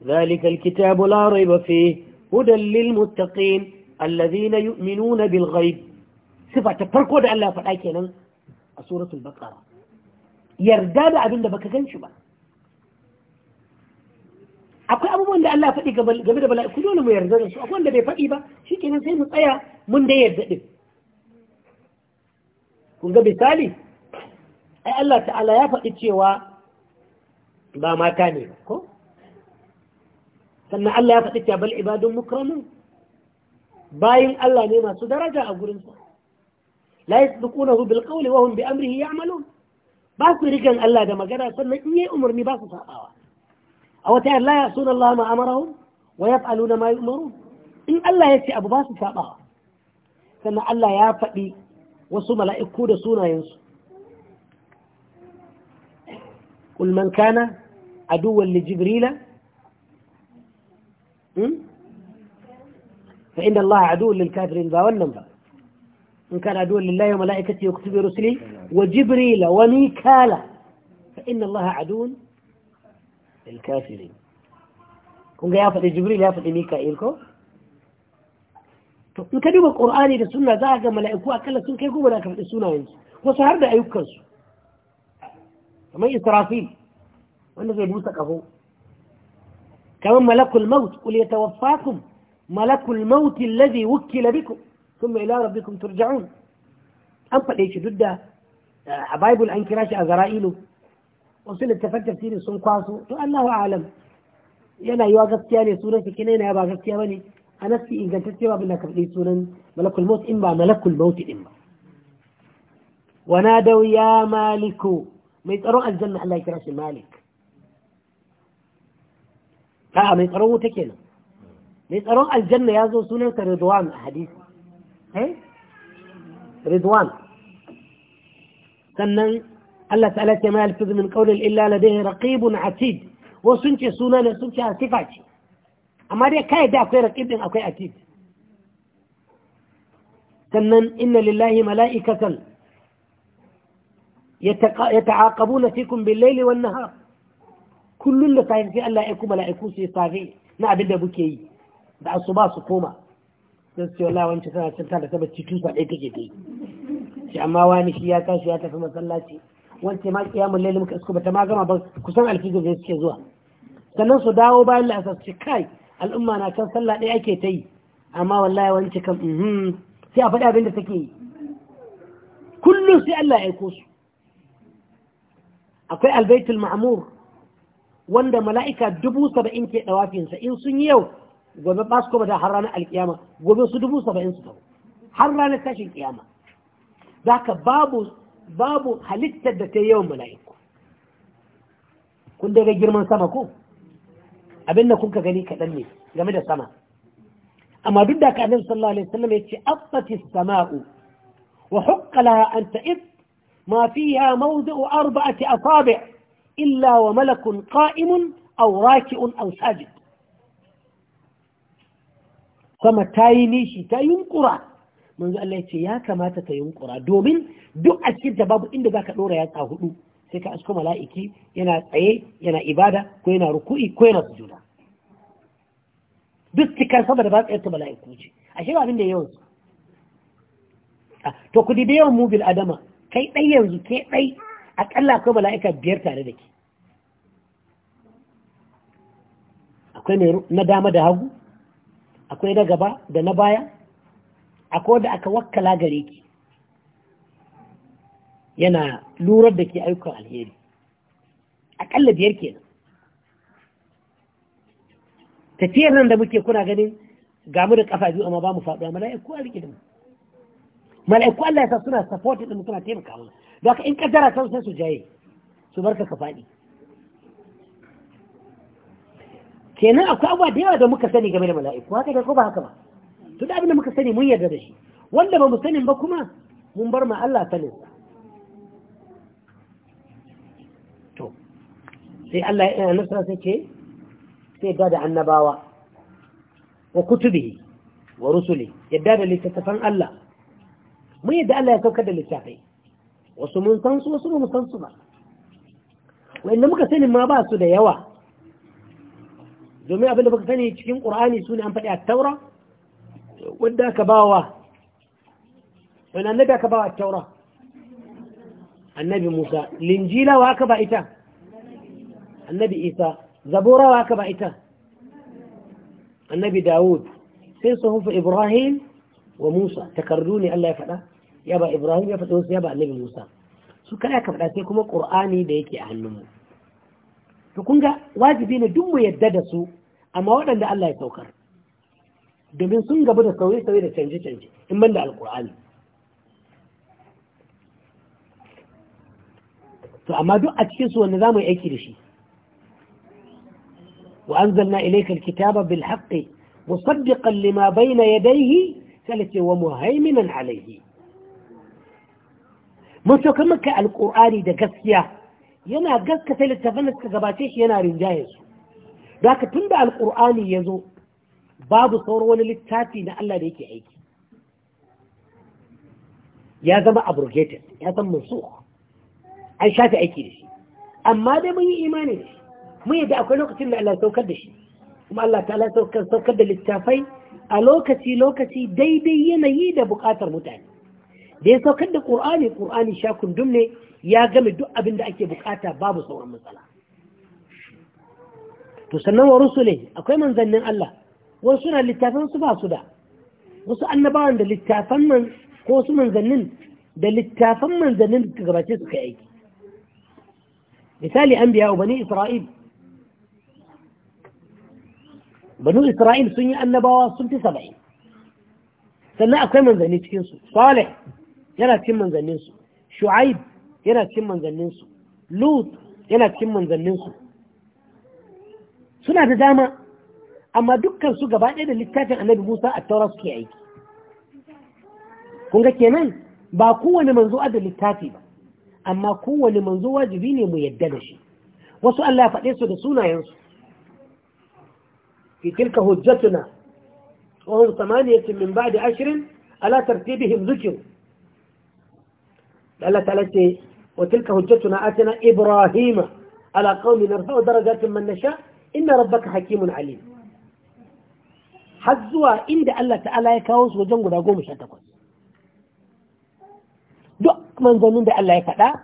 ذلك الكتاب لا ريب فيه هدى للمتقين الذين يؤمنون بالغيب صفة farko da Allah faɗa kenan a suratul baqara yarda da abinda baka shi ba akwai abubuwan da Allah faɗi game da bala'iku dole mu yarda da su akwai wanda bai faɗi ba shi kenan sai mu tsaya mun dai yarda ɗin kun ga misali ai Allah ta'ala ya faɗi cewa ba mata ne ko sannan Allah ya faɗi cewa bal ibadun mukramun bayin Allah ne masu daraja a gurin sa la yasbiqunahu bil qawli wa hum bi amrihi ya'malun ba su rigan Allah da magana sannan in yayi umarni ba su sabawa أو تعالى لا يعصون الله ما أمرهم ويفعلون ما يؤمرون إن الله يأتي أبو باسم فأبقى كما الله يأتي وصم لا يكود سونا ينصر قل من كان عدوا لجبريل فإن الله عدو للكافرين فأولنا إن كان عدوا لله وملائكته وكتب رسلي وجبريل وميكال فإن الله عدو الكافرين kun ga ya faɗi jibril ya faɗi mika'il ko to in ka duba qur'ani da sunna za a ga mala'iku akalla sun kai goma da aka faɗi sunayen su har da ayyukansu kamar israfil wanda zai busa ƙaho kamar malakul maut qul yatawaffakum malakul maut alladhi wukkila bikum thumma ila rabbikum turja'un an faɗe shi duk da a bible an kira shi a zara'ilu wasu littafan tafsiri sun kwaso to Allahu alam yana yiwa gaskiya ne sunan shi kina yana ba gaskiya bane a nasi ingantacce ba bala karbi sunan malakul maut in ba malakul maut din ba wana dau ya maliku mai tsaron aljanna Allah ya kira shi malik a'a mai tsaron wuta kenan mai tsaron aljanna ya zo sunan sa ridwan a hadisi eh ridwan sannan Allah ta'ala ce ma yalfizu min qawlin illa ladayhi raqibun atid wasu sun ce suna ne sun ce sifa ce amma dai kai da akwai raqib din akwai atid sannan inna lillahi mala'ikatan yata'aqabuna fikum bil-layli wan-nahar kullun da sai Allah ya ku mala'iku su safi na abin da buke yi da asuba su koma sai su wallahi wanci tana cin ta da sabacci tusa dai take dai shi amma wani shi ya tashi ya tafi masallaci wance ma kiyamun laili muka isko bata ma gama ba kusan alfijir ne suke zuwa sannan su dawo bayan la'asar su kai al'umma na kan sallah ɗaya ake ta yi amma wallahi wance mhm sai a faɗi abin da take yi kullum sai Allah ya aiko su akwai albaitul ma'amur wanda mala'ika dubu saba'in ke ɗawafinsa in sun yi yau gobe ba su kuma da har ranar alkiyama gobe su dubu saba'in su har ranar tashin kiyama za ka babu babu halittar da ta yi yawan mala'iku kun daga girman sama ko abin da kuka gani kaɗan ne game da sama amma duk da ka annabi sallallahu alaihi wasallam yace affati samau wa hukka laha an ta'ib ma fiha mawdi'u arba'ati asabi' illa wa malakun qa'imun aw raki'un aw sajid sama tayi nishi ta yunkura manzo Allah ya ce ya kamata ka yunkura domin duk a cikin ta babu inda zaka dora yatsa hudu sai ka asko mala'iki yana tsaye yana ibada ko yana ruku'i ko yana sujuda duk cikar saboda da ba tsayar ta mala'iku ce a shi abin da yawan su to ku dibi yawan mubil adama kai dai yanzu ke a akalla akwai mala'ika biyar tare da ke akwai na dama da hagu akwai na gaba da na baya akwai wanda aka wakkala gare ki yana lurar da ke ayyukan alheri aƙalla biyar kenan tafiyar nan da muke kuna ganin gamu da kafa biyu amma ba mu faɗuwa mala'iku a rike da mu mala'iku Allah ya sa suna support din suna taimaka mana don haka in kaddara ta sai su jaye su barka ka faɗi kenan akwai abubuwa da yawa da muka sani game da mala'iku haka ko ba haka ba to da abin da muka sani mun yarda da shi wanda ba mu sanin ba kuma mun bar ma Allah sanin to sai Allah ya ina nasara sai ce sai ba da annabawa wa kutubihi wa rusuli yadda da littattafan Allah mun yadda Allah ya saukar da littafai wasu mun san su wasu mun san su ba wanda muka sani ma ba su da yawa domin abin da baka sani cikin Qur'ani su ne an faɗi a Taura wanda aka bawa wani annabi aka bawa taura annabi musa linjila wa aka ba ita annabi isa zabura wa aka ba ita annabi dawud sai su suhufu ibrahim wa musa takardu ne allah ya faɗa ya ba ibrahim ya faɗi wasu ya ba annabi musa su kada aka fada sai kuma ƙur'ani da yake a hannunmu to kun ga wajibi ne duk mu yadda da su amma waɗanda allah ya saukar domin sun gaba da sauye-sauye da canje-canje in ban da alkur'ani to amma duk a cikinsu wanda za mu yi aiki da shi wa an zanna ilaikar kitaba bil haƙƙi musaddiƙan lima bayna yadaihi salace wa muhaiminan alaihi matuƙa maka alƙur'ani da gaskiya yana gaskata littafin da suka gabace shi yana rinjayensu, su da ka tun da alkur'ani ya zo babu sauran wani littafi na Allah da yake aiki ya zama abrogated ya san musu an shafi aiki da shi amma dai mun yi imani da shi mun yadda akwai lokacin da Allah saukar da shi kuma Allah ta saukar saukar da littafai a lokaci lokaci daidai yanayi da bukatar mutane da ya saukar da Qur'ani Qur'ani sha kundum ne ya game duk abin da ake bukata babu sauran matsala to sannan wa rusule akwai manzannin Allah wasu na littafan su ba su da wasu annabawan da littafan man ko wasu manzannin da littafan manzannin da gabace suka yi aiki misali an biya bani isra'il banu isra'il sun yi annabawa sun fi saba'in sannan akwai manzanni cikinsu saleh yana cikin manzanninsu shu'aib yana cikin manzanninsu lut yana cikin manzanninsu suna da dama amma dukkan su gaba ɗaya da littafin annabi Musa a taura suke aiki kun ga kenan ba kowane manzo a da littafi ba amma kowane manzo wajibi ne mu yadda da shi wasu Allah ya faɗe su da sunayensu fi tilka hujjatuna wa samaniya thamaniyatin min da ashirin, ala tartibihim zikr Allah ta'ala ce wa tilka hujjatuna asina ibrahima ala na narfa'u darajatin man nasha inna rabbaka hakimun alim har zuwa inda Allah ta'ala ya kawo su wajen guda goma sha takwas duk manzannin da Allah ya faɗa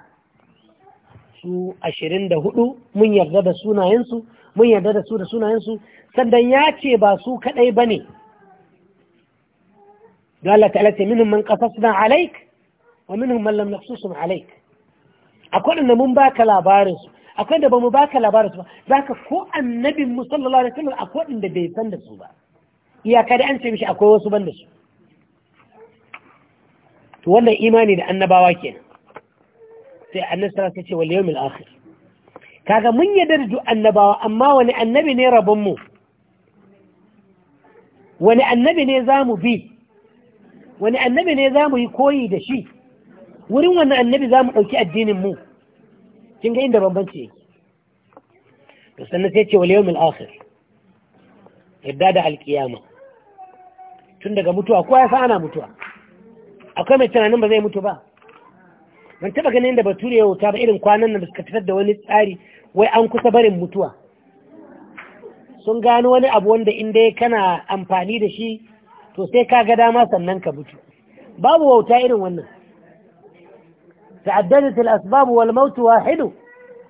su ashirin da hudu mun yarda da sunayensu mun yarda da su da sunayensu sannan ya ce ba su kaɗai ba ne da Allah ta'ala ce minhum man qasasna alaik wa minhum man lam naqsusum alaik akwai da mun baka labarin su akwai da bamu baka labarin su ba ka ko annabin mu sallallahu alaihi wasallam akwai da bai san da su ba iyaka da an ce mishi akwai wasu banda su to wannan imani da annabawa kenan sai annabi sallallahu ce wal yawmil akhir kaga mun yarda da duk annabawa amma wani annabi ne rabon mu wani annabi ne zamu bi wani annabi ne zamu yi koyi da shi wurin wannan annabi zamu dauki addinin mu kin ga inda bambanci yake to sannan sai ce wal yawmil akhir yadda da alkiyama tun daga mutuwa kowa ya sa ana mutuwa akwai mai tunanin ba zai mutu ba ban taba ganin da bature ya wuta ba irin kwanan nan da suka fitar da wani tsari wai an kusa barin mutuwa sun gano wani abu wanda in dai kana amfani da shi to sai ka ga dama sannan ka mutu babu wauta irin wannan ta'addadat al-asbab wal maut wahid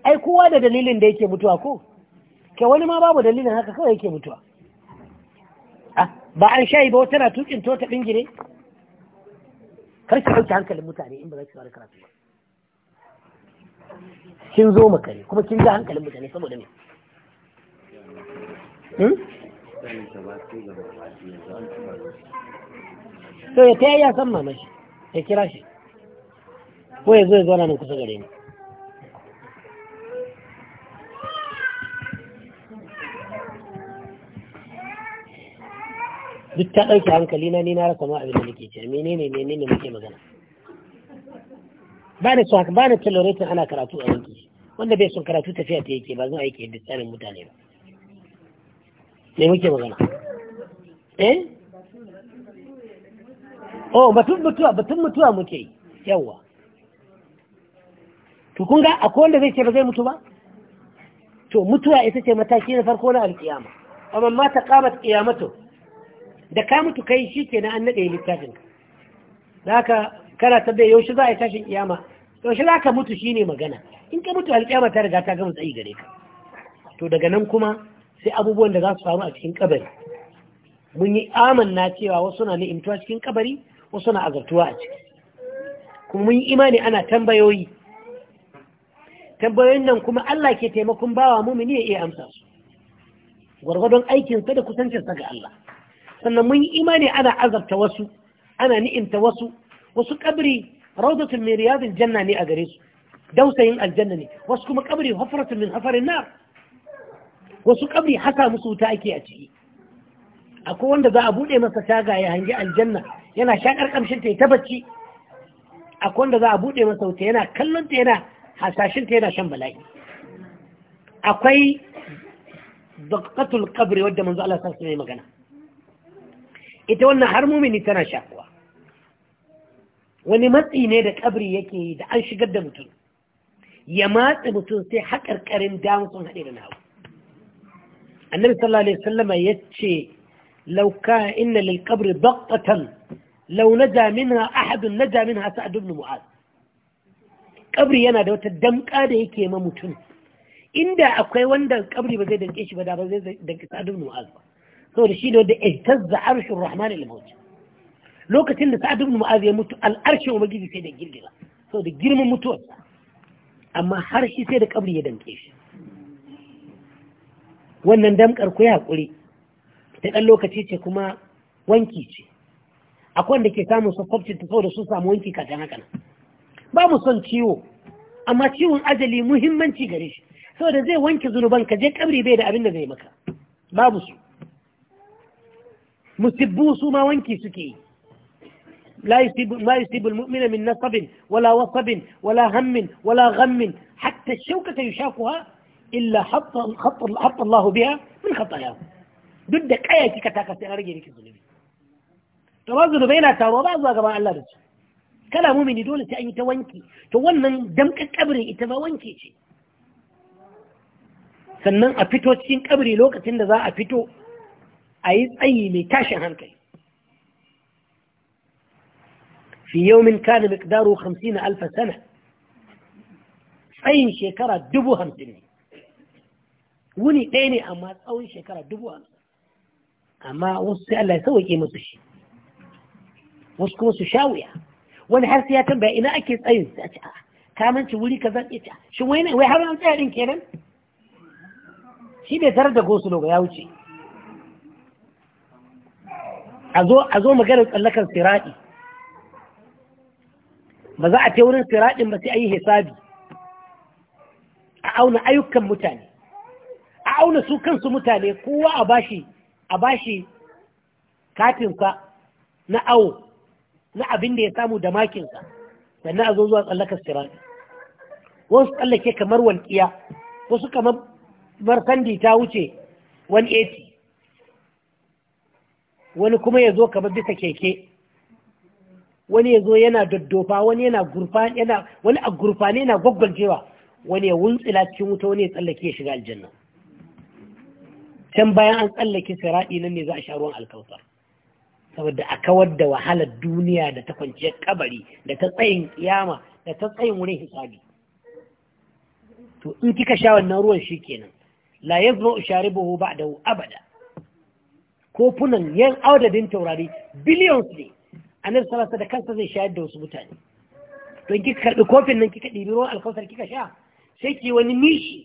ai kowa da dalilin da yake mutuwa ko ke wani ma babu dalilin haka kawai yake mutuwa ba an shayi ba tana tukin ta bingire kar ki ɗauki hankalin mutane in ba za ki saurari karatu ba kin zo makare kuma kin ga hankalin mutane saboda me hmm? to ya ta yi ya san mamashi ya kira shi ko ya zo ya zo nan kusa gare ni duk ta ɗauke hankali na ni na rasa ma abin da nake ce menene menene muke magana ba da su haka ba da tolerating ana karatu a yanki wanda bai son karatu tafiya ta yake ba zuwa yake da tsarin mutane ba me muke magana eh oh batun mutuwa batun mutuwa muke yawa to kun ga akwai wanda zai ce ba zai mutu ba to mutuwa ita ce mataki na farko na alkiyama amma ma ta qamat qiyamatu da ka mutu kai shi ke na an naɗe littafin da aka kara ta bai yaushe za a yi tashin kiyama yaushe za ka mutu ne magana in ka mutu alƙiyama ta riga ta gama tsayi gare ka to daga nan kuma sai abubuwan da za su faru a cikin kabari mun yi amanna cewa wasu na ni'imtuwa cikin kabari wasu na azartuwa a ciki kuma mun yi imani ana tambayoyi tambayoyin nan kuma Allah ke taimakon bawa mumini ya iya amsa su gwargwadon aikinsa da kusancinsa ga Allah sannan mun yi imani ana azabta wasu ana ni'imta wasu wasu kabri rawdatun min riyadil janna ne a gare su dausayin aljanna ne wasu kuma kabri hafratun min hafarin nar wasu kabri haka musu wuta ake a ciki akwai wanda za a bude masa taga ya hangi aljanna yana shakar kamshin ta ta bacci akwai wanda za a bude masa wuta yana kallon ta yana hasashin ta yana shan bala'i akwai daqatul qabri wadda manzo Allah sallallahu alaihi magana ita wannan har mumini tana shakuwa wani matsi ne da kabri yake yi da an shigar da mutum ya matsa mutum sai haƙarƙarin damu sun haɗe da nawa annabi sallallahu alaihi wasallama ya ce lauka inna lil kabri baqatan law naja minha ahadun naja minha sa'ad ibn mu'az kabri yana da wata damƙa da yake ma mutum inda akwai wanda kabri ba zai danke shi ba da ba zai danke sa'ad ibn mu'az ba saboda shi da wanda tazza arshin rahman al-maut lokacin da sa'ad ibn mu'az ya mutu al-arshin ubangiji sai da girgiza saboda girman mutuwar amma har shi sai da kabri ya danke shi wannan damkar ku ya hakuri ta dan lokaci ce kuma wanki ce akwai wanda ke samun sassabcin ta saboda sun samu wanki kafin haka nan ba mu son ciwo amma ciwon ajali muhimmanci gare shi saboda zai wanke zunuban ka je kabri bai da abin da zai maka babu su musibbu su ma wanki suke la yusibu almu'mina min nasabin wala wasabin wala hammin wala ghammin hatta shaukata yushakuha illa hatta Allah biya min khataya duk da kaya kika taka sai an rage miki zunubi to zunubai na taro ba zuwa gaban Allah da Kala kana mumini dole sai an yi ta wanki to wannan damkar kabri ita ba wanke ce sannan a fito cikin kabri lokacin da za a fito أي أي مكاشة هنكي في يوم كان مقداره خمسين ألف سنة أي شكرة دبو خمسين وني تاني أما أو شكرة دبو أما وصي الله يسوي كي مصشي وصكو مصشاوية وانا حرسي يتنبع إنا أكيد أي زجاجة كامن تقولي كذا إيجا شو وين وين هذا الجاهلين كذا شيء بيترد قوس لوجا يا وجهي a zo maganar tsallakar siraɗi ba za a ce wurin siraɗin ba sai a yi hisabi a auna ayyukan mutane a auna su kansu mutane kowa a bashi a bashi katinsa na awo na abin da ya samu da makinsa sannan a zo zuwa tsallakar siraɗi wasu tsallake kamar walƙiya wasu kamar sandi ta wuce 180 wani kuma ya zo kamar bisa keke wani ya zo yana daddofa wani yana gurfani yana wani a gurfani yana gwaggwaljewa wani ya wuntsila cikin wuta wani ya tsallake ya shiga aljanna can bayan an tsallake siraɗi nan ne za a sha ruwan saboda a kawar da wahalar duniya da ta kwanciyar kabari da ta tsayin kiyama da ta tsayin wurin hisabi to in kika sha wannan ruwan shi kenan la yazma usharibuhu ba'dahu abada kofunan yan audadin taurari billions ne a nan salasa da kansa zai shayar da wasu mutane don kika karbi kofin nan kika ɗibi ruwan alkausar kika sha sai ki wani nishi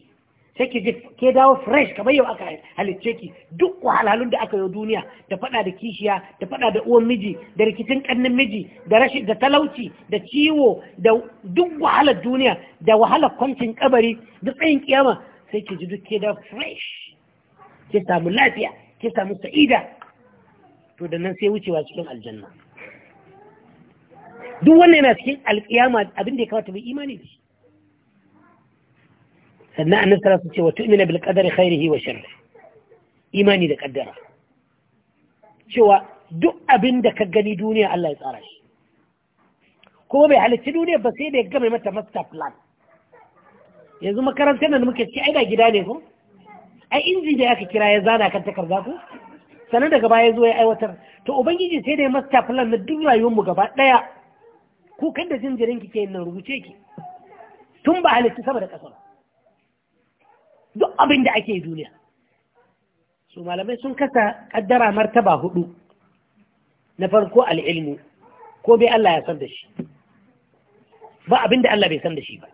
sai ki ke dawo fresh kamar yau aka halicce ki duk wahalhalun da aka yi duniya da fada da kishiya da fada da uwan miji da rikicin kannin miji da rashi da talauci da ciwo da duk wahalar duniya da wahalar kwancin kabari da tsayin kiyama sai ki ji duk ke dawo fresh ke samu lafiya ke samu sa'ida to da nan sai wucewa cikin aljanna duk wannan yana cikin alƙiyama abin da ya kamata bai imani da shi sannan annan sara su ce wa tu'mina bil bilƙadar khairihi wa sharri imani da ƙaddara. cewa duk abin da ka gani duniya Allah ya tsara shi kuma bai halicci duniya ba sai da ya gama mata master plan yanzu makarantar nan muke ci ai gida ne ko ai inji da aka kira ya zana kan takarda ku sannan daga baya zo ya aiwatar to ubangiji sai dai masta plan na duk rayuwar mu gaba daya ku kan da jinjirin ki ke nan rubuce ki tun ba halittu sama da ƙasa duk abin da ake duniya su malamai sun kasa kaddara martaba hudu na farko al'ilmu ko bai Allah ya san da shi ba abin da Allah bai san da shi ba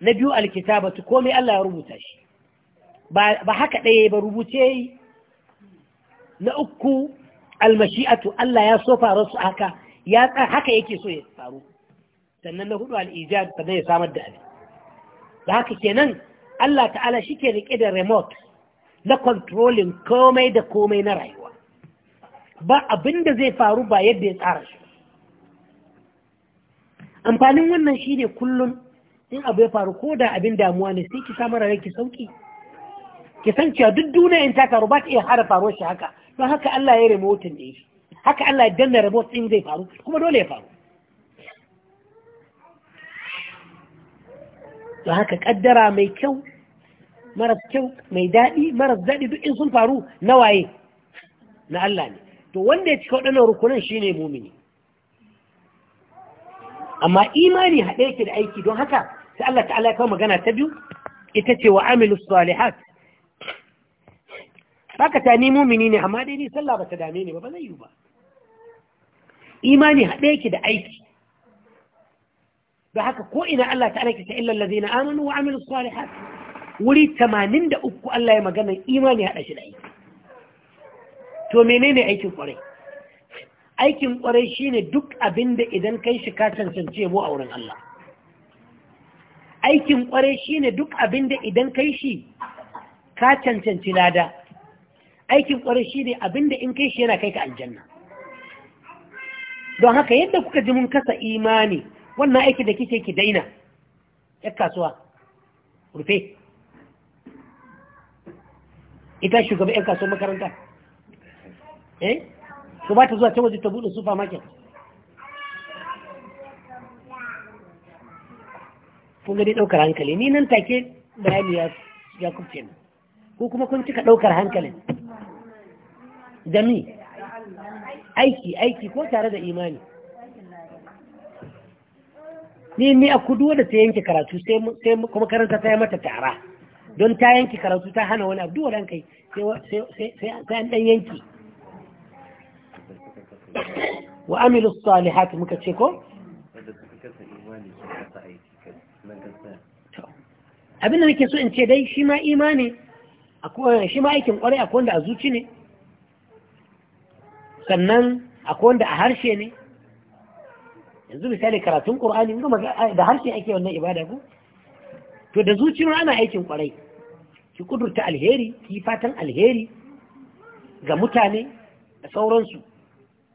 na biyu alkitabatu ko mai Allah ya rubuta shi ba haka ɗaya ba rubuce yi? na uku almashi'atu Allah ya so faru su haka ya haka yake so ya faru sannan na hudu al'ijad sannan ya samar da abin da haka kenan Allah ta'ala shi ke riƙe da remote na controlling komai da komai na rayuwa ba abin da zai faru ba yadda ya tsara shi amfanin wannan shi ne kullum in abu ya faru ko da abin damuwa ne sai ki samar da ki sauki ki san cewa duk duniya in ta faru ba ta iya hada faruwar shi haka don haka Allah ya remotin da shi haka Allah ya danna remote din zai faru kuma dole ya faru don haka kaddara mai kyau maras kyau mai daɗi maras daɗi duk in sun faru na waye na Allah ne to wanda ya cika waɗannan rukunan shi ne mumini amma imani haɗe yake da aiki don haka sai Allah ta'ala ya kawo magana ta biyu ita ce wa amilu salihat haka ta ni mumini ne amma dai ni sallah bata dame ni ba ba zai yi ba imani haɗe ki da aiki da haka ko ina Allah ta alaƙi ta illal ladina amanu wa amilus salihat wuri 83 Allah ya magana imani haɗa shi da aiki to menene aikin kwarai aikin kwarai shine duk abinda idan kai shi ka cancance mu a wurin Allah aikin kwarai shine duk abinda idan kai shi ka cancanci lada aikin ƙwarar shi ne abinda in kai shi yana kai ka aljanna don haka yadda kuka ji mun kasa imani wannan aiki da kike ki daina ya kasuwa rufe ita shugaba 'yan kasuwar makaranta eh su ba ta zuwa cewa waje ta buɗe supermarket kun gani ɗaukar hankali ni nan take bayani ya kubce ko kuma kun cika ɗaukar hankalin da mi aiki aiki ko tare da imani ni mi a kudu wanda ta yanke karatu sai kuma karanta ta yi mata tara don ta yanke karatu ta hana wani abu wadda kai sai an dan yanki wa amilu salihati muka ce ko abinda nake so in ce dai shi ma imani shi ma aikin kwarai akwai wanda a zuci ne sannan akwai wanda a harshe ne yanzu misali karatun ƙur'ani da harshe ake wannan ibada ku to da zuciyar ana aikin ƙwarai ki kudurta alheri ki fatan alheri ga mutane da sauransu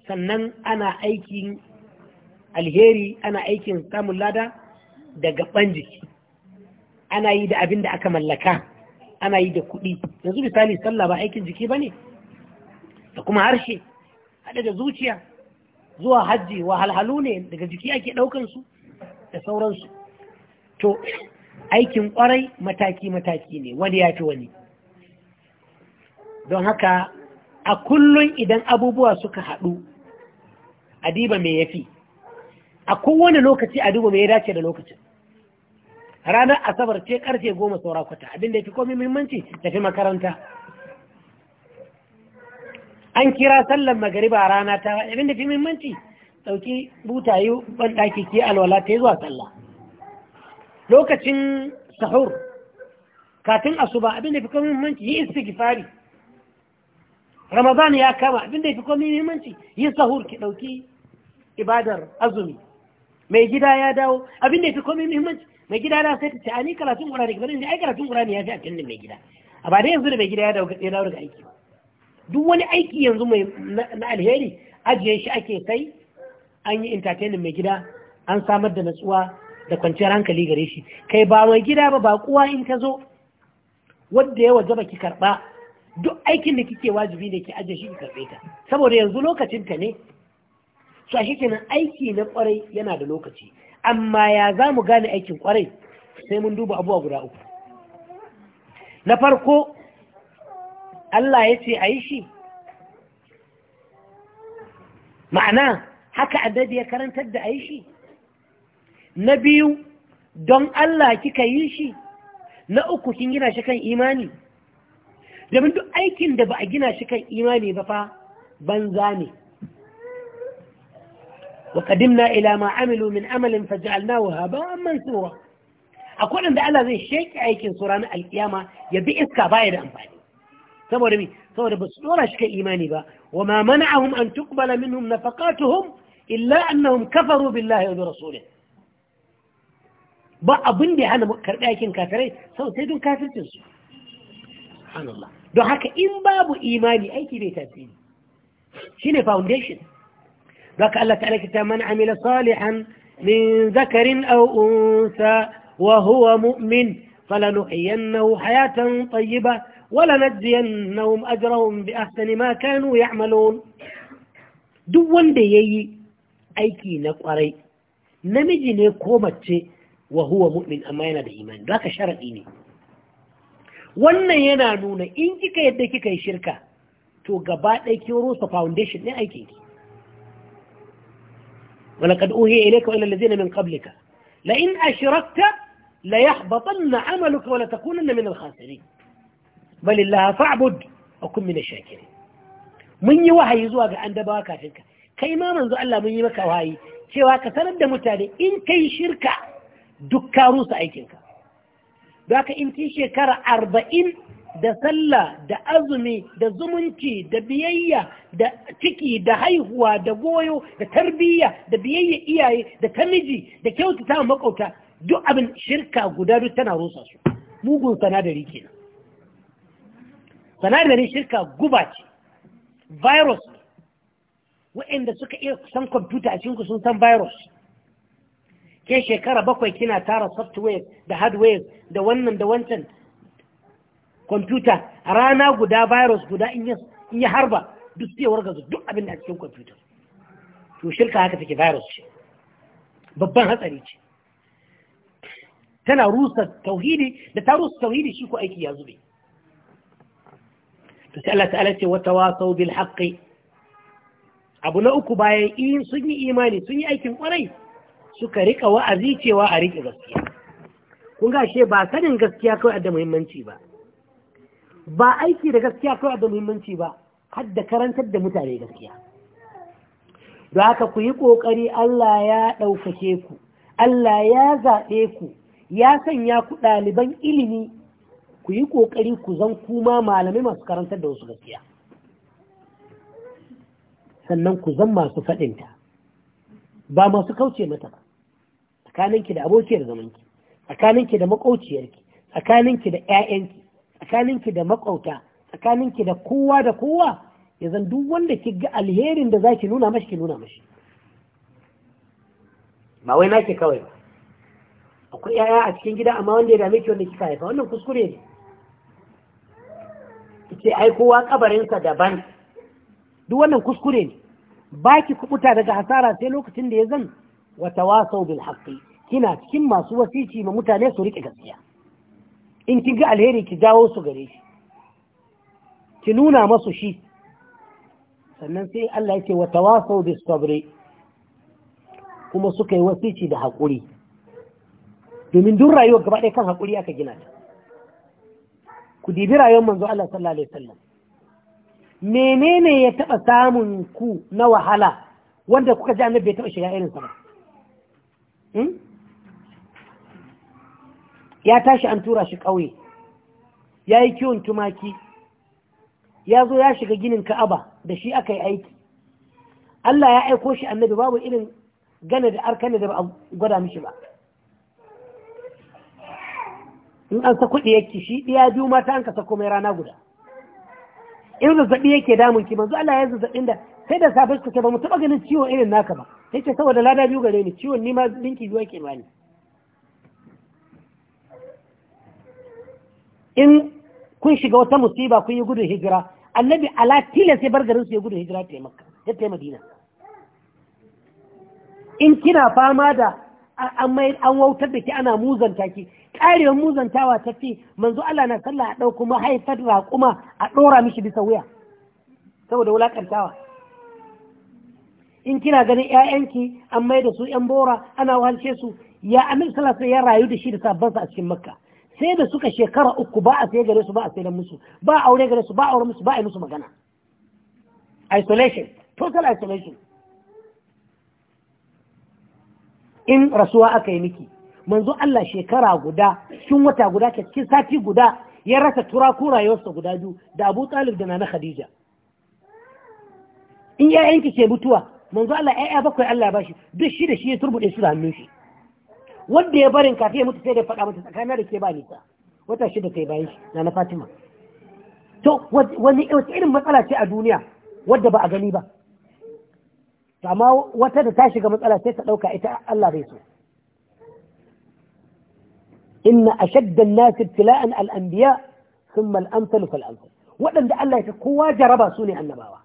sannan ana aikin alheri ana aikin samun lada daga gaban ana yi da abin da aka mallaka ana yi da kuɗi yanzu misali sallah ba aikin jiki ba ne da kuma harshe Haɗe da zuciya zuwa hajji wahalhalu ne daga jiki ake ɗaukan su da sauransu to aikin kwarai mataki-mataki ne wani ya fi wani don haka a kullum idan abubuwa suka haɗu adiba me mai yafi a kowane lokaci adiba me ya dace da lokacin ranar asabar ce karfe goma saura kwata abinda ya fi komi muhimmanci tafi makaranta an kira sallan magariba a rana ta abin da fi muhimmanci ɗauki butaye ban ɗaki ke alwala ta yi zuwa sallah lokacin sahur katin asuba abin da fi kuma muhimmanci yi istighfari ramazan ya kama abin da fi kuma muhimmanci yi sahur ki ɗauki ibadar azumi mai gida ya dawo abin da fi kuma muhimmanci mai gida da sai ta ce ni karatun ƙura ki bari ne ai karatun ne ya fi a kan mai gida a ba da yanzu da mai gida ya dawo ga daga aiki ba duk wani aiki yanzu mai na alheri ajiye shi ake kai an yi entertainment mai gida an samar da natsuwa da kwanciyar hankali gare shi kai ba mai gida ba ba kuwa in ta zo wadda ya wajaba ki karba duk aikin da kike wajibi da ki ajiye shi ki karbe ta saboda yanzu lokacin ta ne so shi kenan aiki na kwarai yana da lokaci amma ya za mu gane aikin kwarai sai mun duba abubuwa guda uku na farko Allah ya ce a yi shi ma'ana haka annabi ya karantar da a yi shi na biyu don Allah kika yi shi na uku kin gina shi kan imani domin duk aikin da ba a gina shi kan imani ba fa banza ne وقدمنا إلى ما عملوا من أمل فجعلناه da Allah zai أن aikin su ranar أيكين ya bi iska إسكا da amfani. saboda mi saboda ba su dora shi kan imani ba wa ma mana'ahum an tuqbala minhum nafaqatuhum illa annahum kafaru billahi wa bi ba abin da ya hana karɓi aikin kafirai sau sai don kafircinsu subhanallah don haka in babu imani aiki bai tasiri shine foundation Da ka Allah ta'ala kita man amila salihan min zakarin aw unsa wa huwa mu'min falanuhyiyannahu hayatan tayyiba ولنجزينهم أجرهم بأحسن ما كانوا يعملون دوان بيي أيكي نقري نمجني كومتي وهو مؤمن أمانة بإيمان لك شرقيني وانا ينانون إنك كيدك كي شركة تو قبات لك يوروس فاونديشن ني أيكي ولقد أوهي إليك وإلى الذين من قبلك لئن أشركت ليحبطن عملك ولتكونن من الخاسرين balillaha fa'bud wa kun min shakirin mun yi wahayi zuwa ga andabawa kafin ka kai ma manzo Allah mun yi maka wahayi cewa ka sanar da mutane in kai shirka duk ka rusa aikin ka don haka in ci shekara arba'in da sallah da azumi da zumunci da biyayya da ciki da haihuwa da goyo da tarbiyya da biyayya iyaye da tamiji da kyautata makauta duk abin shirka guda duk tana rusa su mugun sanadari kenan sanadarin shirka guba ce virus waɗanda suka iya san kwamfuta a cikinku sun san virus ke shekara bakwai kina tara software da hardware da wannan da wancan kwamfuta a rana guda virus guda in ya harba duk sai wargaza duk abin da a cikin kwamfuta to shirka haka take virus ce babban hatsari ce tana rusa tauhidi da ta rusa tauhidi shi ko aiki ya zube to sai ce wata wasau bil haƙƙi. abu na uku bayan in sun yi imani sun yi aikin kwarai suka rika wa'azi cewa a riƙe gaskiya kun ga shi ba sanin gaskiya kawai da muhimmanci ba ba aiki da gaskiya kawai da muhimmanci ba har da karantar da mutane gaskiya Da haka ku yi ƙoƙari Allah ya ɗaukake ku Allah ya zaɓe ku ya sanya ku ɗaliban ilimi ku yi ƙoƙari ku zan kuma malamai masu karantar da wasu gaskiya sannan ku zan masu faɗinta ba masu kauce mata ba tsakaninki da abokiyar zamanki tsakaninki da makauciyarki tsakaninki da 'ya'yanki tsakaninki da maƙauta tsakaninki da kowa da kowa ya zan duk wanda ki ga alherin da zaki nuna mashi ki nuna mashi ba wai nake kawai ba akwai 'ya'ya a cikin gida amma wanda ya dame ki wanda kika haifa wannan kuskure ne ce ai kowa kabarinsa daban duk wannan kuskure ne baki kubuta daga hasara sai lokacin da ya zan wata wasau bil haqqi kina cikin masu wasici ma mutane su rike gaskiya in kin ga alheri ki dawo su gare shi ki nuna masu shi sannan sai Allah yake wata wasau bis sabri kuma suka yi wasici da hakuri domin duk rayuwar gaba ɗaya kan hakuri aka gina ta ku dibi rayuwar manzo Allah sallallahu alaihi wasallam menene ya taba samun ku na wahala wanda kuka ji annabi bai taba shiga irin sa ba hmm? ya tashi an tura shi ƙauye ya yi kiwon tumaki ya zo ya shiga ginin ka'aba da shi aka yi aiki Allah ya aiko shi annabi babu irin gane da arkane da ba a gwada mishi ba in an sa kuɗi yake shi ɗiya biyu mata an ka sako mai rana guda in zazzaɓi yake damun ki manzo Allah ya zazzaɓin da sai da safe suka ce ba mu taɓa ganin ciwon irin naka ba sai ce saboda lada biyu gare ni ciwon ni ma linki biyu yake bani in kun shiga wata musiba kun yi gudun hijira annabi ala tilas sai bar garin su ya gudun hijira ta makka ta ta madina in kina fama da an an wautar da ki ana muzanta ki karewar muzantawa ta fi, manzo Allah na sallah a ɗauko mahaifar raƙuma a ɗora mishi bisa wuya saboda wulaƙantawa in kina ganin 'ya'yanki an mai da su 'yan bora ana wahalce su ya amir salasa ya rayu da shi da sabbansa a cikin makka sai da suka shekara uku ba a sai gare su ba a sai musu ba a aure gare su ba a aure musu ba a yi musu magana isolation total isolation in rasuwa aka yi miki manzo Allah shekara guda cikin wata guda cikin sati guda ya rasa turaku rayuwarsa guda biyu da Abu Talib da Nana Khadija in 'ya'yanki ke mutuwa manzo Allah ƴaƴa bakwai Allah ya bashi duk shi da shi ya turbude su da hannun shi wanda ya barin kafin ya mutu sai da faɗa mata tsakanin da ke ba nisa wata shida kai bayan shi Nana Fatima to wani irin matsala ce a duniya wadda ba a gani ba amma wata da ta shiga matsala sai ta ɗauka ita Allah bai so إن أشد الناس ابتلاء الأنبياء ثم الأمثل فالأمثل waɗanda Allah ya fi kowa jaraba su ne annabawa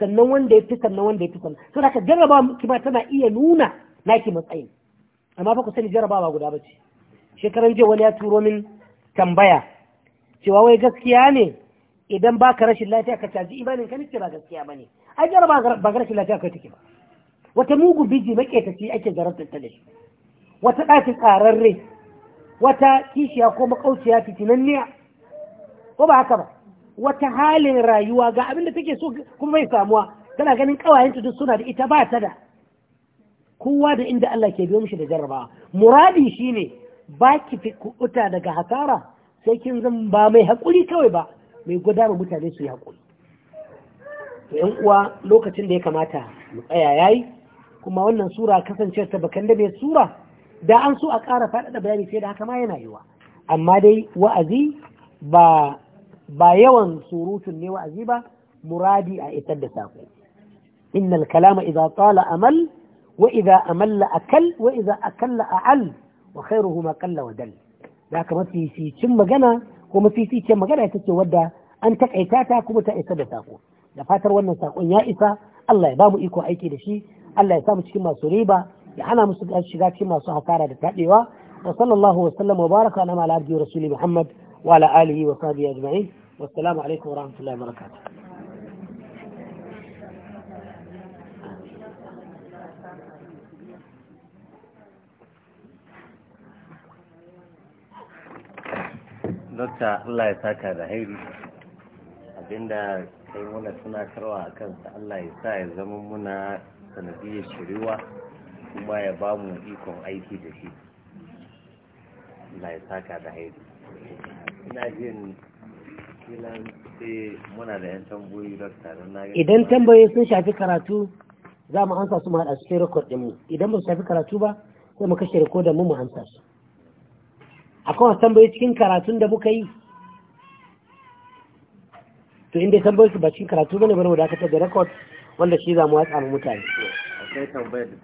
sannan wanda ya fi sannan wanda ya fi sannan sun haka jaraba tana iya nuna naki matsayin amma fa ku sani jaraba guda ba shekaran jiya wani ya turo min tambaya cewa wai gaskiya ne idan baka ka rashin lafiya ka caji imanin ka nake ba gaskiya ba ne ai jaraba ba ga rashin lafiya kai take ba wata mugu biji maƙetaci ake jarabtar ta da shi wata ɗakin ƙararre wata kishiya ko makauciya fitinanniya ko ba haka ba wata halin rayuwa ga abin da take so kuma mai samuwa tana ganin kawayenta duk suna da ita ba ta da kowa da inda Allah ke biyo mishi da jarrabawa muradi shine ba ki fi daga hasara sai kin zan ba mai haƙuri kawai ba mai gudanar mutane su yi haƙuri yan uwa lokacin da ya kamata mu tsaya yayi kuma wannan sura kasance ta bakan da sura da an so a ƙara faɗaɗa bayani sai da haka ma yana yiwa amma dai wa'azi ba ba yawan surutun ne wa'azi ba muradi a isar da saƙo innal kalama idza tala amal wa idza amalla akal wa idza akalla a'al wa khairuhu ma qalla wa dal da haka mafificin magana ko mafificin magana ita ce wadda an takaita ta kuma ta isar da saƙo da fatar wannan saƙon ya isa Allah ya ba mu iko aiki da shi Allah ya samu cikin masu riba ya ana musu shiga cikin masu hasara da taɗewa wa sallallahu wa sallam wa baraka ala ala abdi rasuli muhammad wa ala alihi wa sahbihi ajma'in wassalamu alaikum wa rahmatullahi wa barakatuh Dokta Allah ya saka da hairi abinda kai muna tunatarwa a kansa Allah ya sa ya zama muna sanadiyar shiriwa kuma ya ba mu ikon aiki da shi na ya saka da haiti ina jin kilan sai eh, muna da yan tamboyi da taron na idan tambayoyi sun shafi karatu za mu ansa su mu haɗa su sai rekod ɗin mu idan ba su shafi karatu ba sai mu kashe rikodin mu mu ansa su akwai wasu tambayoyi cikin karatun da muka yi to inda tambayoyi su ba cikin karatu ne bari mu dakatar da rekod wanda shi za mu watsa mu mutane